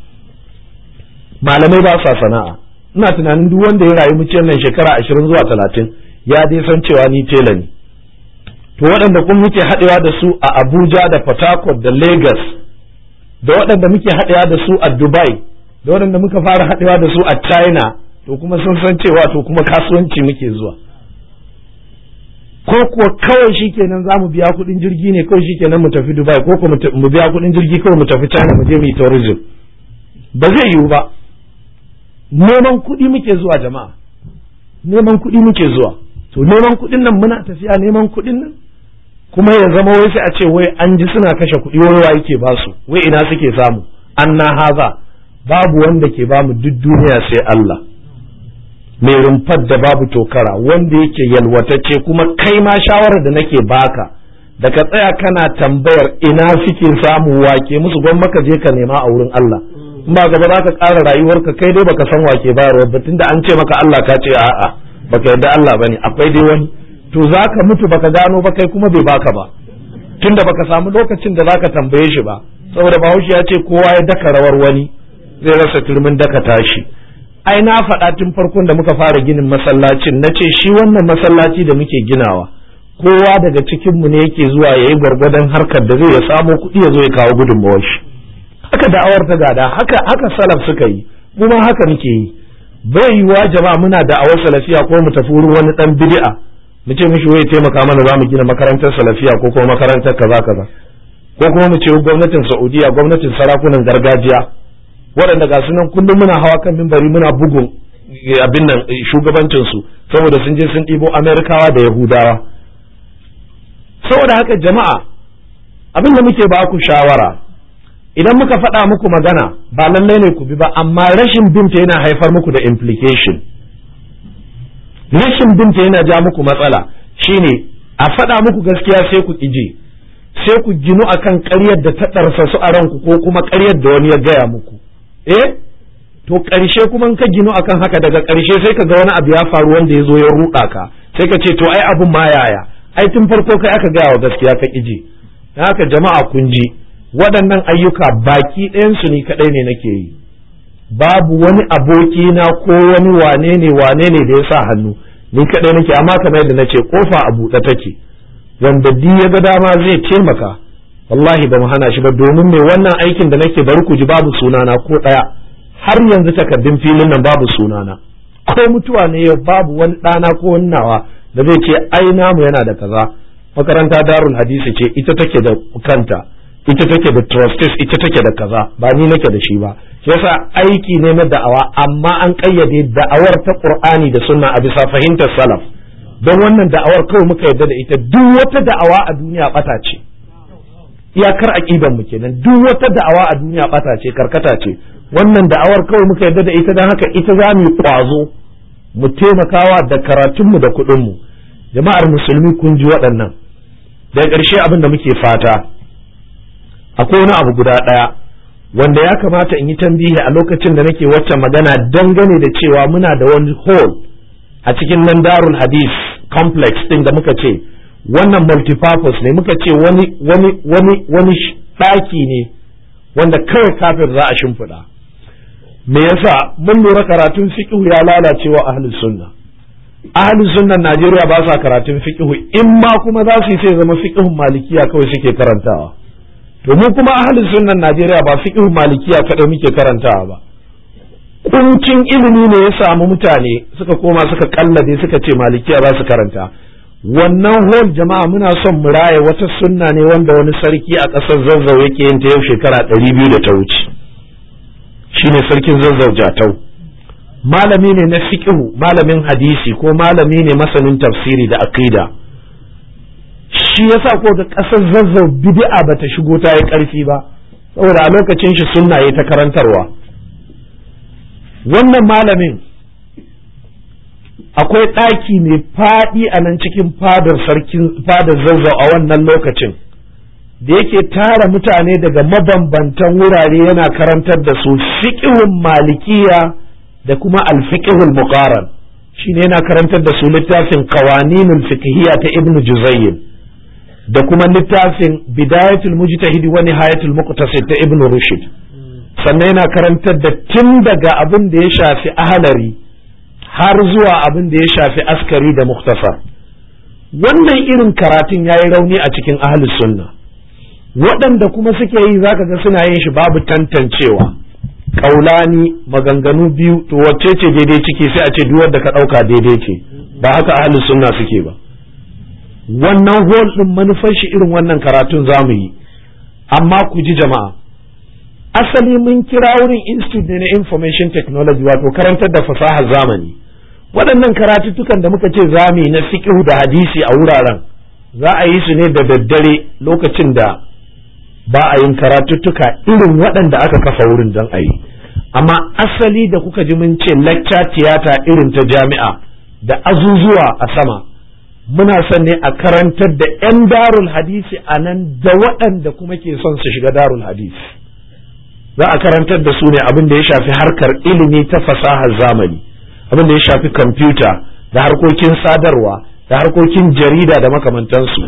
malamai ba sa sana'a ina tunanin duk wanda ya rayu muciyar nan shekara ashirin zuwa talatin ya dai san cewa ni tela ne to waɗanda kuma muke haɗewa da su a abuja da port da lagos da waɗanda muke haɗewa da su a dubai da waɗanda muka fara haɗewa da su a china to kuma sun san cewa to kuma kasuwanci muke zuwa ko kuwa kawai kenan za mu biya kuɗin jirgi ne kawai shi kenan mu tafi dubai ko mu biya kuɗin jirgi kawai mu tafi china mu je mu yi tourism ba zai yiwu ba neman kuɗi muke zuwa jama'a neman kuɗi muke zuwa to neman kuɗin nan muna tafiya neman kuɗin nan kuma ya zama wai sai a ce wai an ji suna kashe kuɗi wai wa yake ba su wai ina suke samu an na haza babu wanda ke ba mu duk duniya sai Allah mai rumfar da babu tokara wanda yake yalwatacce kuma kai ma shawarar da nake baka da ka tsaya kana tambayar ina suke samu wake musu gwamma ka je ka nema a wurin Allah ba gaba za ka ƙara rayuwarka kai dai baka san wake bayarwa ba tunda an ce maka Allah ka ce a'a baka yarda Allah bane akwai dai wani to za ka mutu baka gano ba kai kuma bai baka ba tunda baka samu lokacin da zaka tambaye shi ba saboda bahaushe ya ce kowa ya daka rawar wani zai rasa turmin daka tashi ai na faɗa tun farkon da muka fara ginin masallacin na ce shi wannan masallaci da muke ginawa kowa daga cikinmu ne yake zuwa ya yi gwargwadon harkar da zai ya samo kuɗi ya zo ya kawo gudunmawar shi haka da'awar ta gada haka haka salaf suka yi mu ma haka muke yi bai yiwa jama'a muna da'awar salafiya ko mu tafi wurin wani dan bid'a mu ce mishi wai taimaka mana za mu gina makarantar salafiya ko kuma makarantar kaza kaza ko kuma mu ce gwamnatin Saudiya gwamnatin sarakunan gargajiya waɗanda ga sunan kullum muna hawa kan mimbari muna bugun eh, abin nan eh, shugabancin su saboda sun je sun ɗibo Amerikawa da Yahudawa saboda haka jama'a abinda muke ba ku shawara idan muka faɗa muku magana ba lallai ne ku bi ba amma rashin binta yana haifar muku da implication rashin binta yana ja muku matsala shine a faɗa muku gaskiya sai ku ije sai ku ginu akan ƙaryar da ta ɗarsa su a ranku ko kuma ƙaryar da wani ya gaya muku eh to ƙarshe kuma ka ginu akan haka daga ƙarshe sai ka ga wani abu ya faru wanda ya zo ya ruɗa ka sai ka ce to ai abun ma yaya ai tun farko kai aka gaya wa gaskiya ka ije haka jama'a kun ji waɗannan ayyuka baki ɗayansu ni kaɗai ne nake yi babu wani aboki na ko wani wane ne wane ne da ya sa hannu ni kaɗai nake amma kamar yadda nace kofa a buɗe take wanda di ya ga dama zai taimaka wallahi ba mu hana shi ba domin me wannan aikin da nake bari ku ji babu sunana ko ɗaya har yanzu takardun filin nan babu sunana ko mutuwa ne yau babu wani ɗana ko wani nawa da zai ce ai namu yana da kaza makaranta darul hadisi ce ita take da kanta ita take da trustees ita take da kaza ba ni nake da shi ba shi yasa aiki ne na da'awa amma an kayyade da'awar ta qur'ani da sunna a bisa fahimtar salaf don wannan da'awar kawai muka yarda da ita duk wata da'awa a duniya bata ce iyakar aqidan mu kenan duk wata da'awa a duniya bata ce karkata ce wannan da'awar kawai muka yarda da ita Dan haka ita za mu kwazo mu taimakawa da karatunmu da kuɗinmu jama'ar musulmi kun ji waɗannan da ƙarshe abin da muke fata akwai wani abu guda ɗaya wanda ya kamata in yi tambihi a lokacin da nake wacce magana dangane da cewa muna da wani hole a cikin nan darul hadis complex din da muka ce wannan multipurpose ne muka ce wani wani wani wani ɗaki ne wanda kawai kafin za a shimfiɗa me yasa mun lura karatun fiqhu ya lalacewa ahlus sunna ahlus sunnan Najeriya ba sa karatun fiqhu in ma kuma za su yi sai zama fiqhun malikiya kawai suke karantawa to mu kuma ahalin sunnan Najeriya ba fiqh malikiya kaɗai muke karantawa ba kuncin ilimi ne ya samu mutane suka koma suka kallade suka ce malikiya ba su karanta wannan hol jama'a muna son mu raye wata sunna ne wanda wani sarki a ƙasar zazzau yake yin ta yau shekara ɗari biyu da ta wuce shine sarkin zazzau jatau malami ne na fiqhu malamin hadisi ko malami ne masanin tafsiri da aqida shi yasa ko ga ƙasar zazzau bid'a bata shigo ta yi ƙarfi ba saboda a lokacin shi yi ta karantarwa wannan malamin akwai ɗaki mai faɗi a nan cikin fadar sarkin fadar zazzau a wannan lokacin da yake tara mutane daga mabambantan wurare yana karantar da su fiƙihun malikiya da kuma alfiƙihul muqaran shine yana karantar da su littafin qawaninul fikihiya ta ibnu juzayyin da kuma littafin bidayatul mujtahid wa nihayatul muqtasid ta ibn rushd sannan yana karantar da tun daga abin da ya shafi ahalari har zuwa abin da ya shafi askari da muktasar wannan irin karatun yayi rauni a cikin ahlus sunna waɗanda kuma suke yi zaka ga suna yin shi babu tantancewa kaulani maganganu biyu to wacce ce daidai ciki sai a ce duk wanda ka ɗauka daidai ce ba haka ahlus sunna suke ba wannan hol ɗin manufar shi irin wannan karatun za yi amma ku ji jama'a asali mun kira wurin institute na information technology wato karantar da fasahar zamani waɗannan karatuttukan da muka ce za mu yi na fiqhu da hadisi a wuraren za a yi su ne da daddare lokacin da ba a yin karatuttuka irin waɗanda aka kafa wurin don a yi amma asali da kuka ji mun ce lacca tiyata irin ta jami'a da azuzuwa a sama muna son ne a karantar da 'yan darul hadisi a nan da waɗanda kuma ke son su shiga darul hadisi za a karantar da su ne abin da ya shafi harkar ilimi ta fasahar zamani abin da ya shafi kwamfuta da harkokin sadarwa da harkokin jarida da makamantansu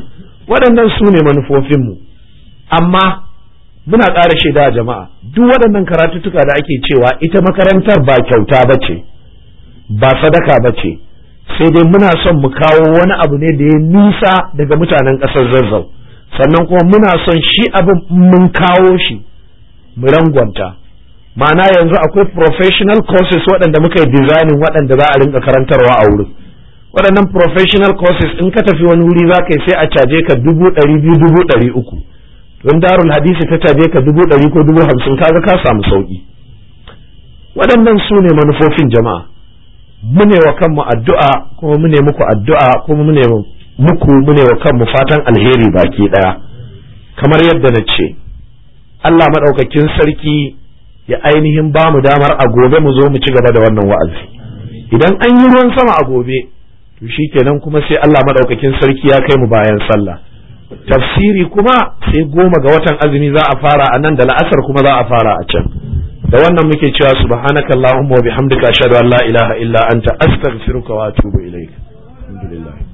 waɗannan su ne manufofinmu amma muna ƙara shaida jama'a duk waɗannan karatuttuka da ake cewa ita makarantar ba kyauta ba ce ba sadaka ba ce sai dai muna son mu kawo wani abu ne da ya nisa daga mutanen ƙasar zazzau sannan kuma muna son shi abin mun kawo shi mu rangwanta ma'ana yanzu akwai professional courses waɗanda muka yi designing waɗanda za a rinka karantarwa a wurin waɗannan professional courses in ka tafi wani wuri za ka yi sai a caje ka dubu ɗari biyu dubu ɗari uku don darul hadisi ta caje ka dubu ɗari ko dubu hamsin kaga ka samu sauƙi waɗannan su ne manufofin jama'a mune wa kanmu addu'a kuma mune muku addu'a kuma mune muku mune wa kanmu fatan alheri baki daya kamar yadda na ce Allah madaukakin sarki ya ainihin ba mu damar a gobe mu zo mu ci gaba da wannan wa'azi idan an yi ruwan sama a gobe to shikenan kuma sai Allah madaukakin sarki ya kai mu bayan sallah tafsiri kuma sai goma ga watan azumi za a fara a nan da la'asar kuma za a fara a can da wannan muke cewa subhanaka allahumma wa bihamdika ashhadu an la ilaha illa anta astaghfiruka wa atubu ilaik alhamdulillah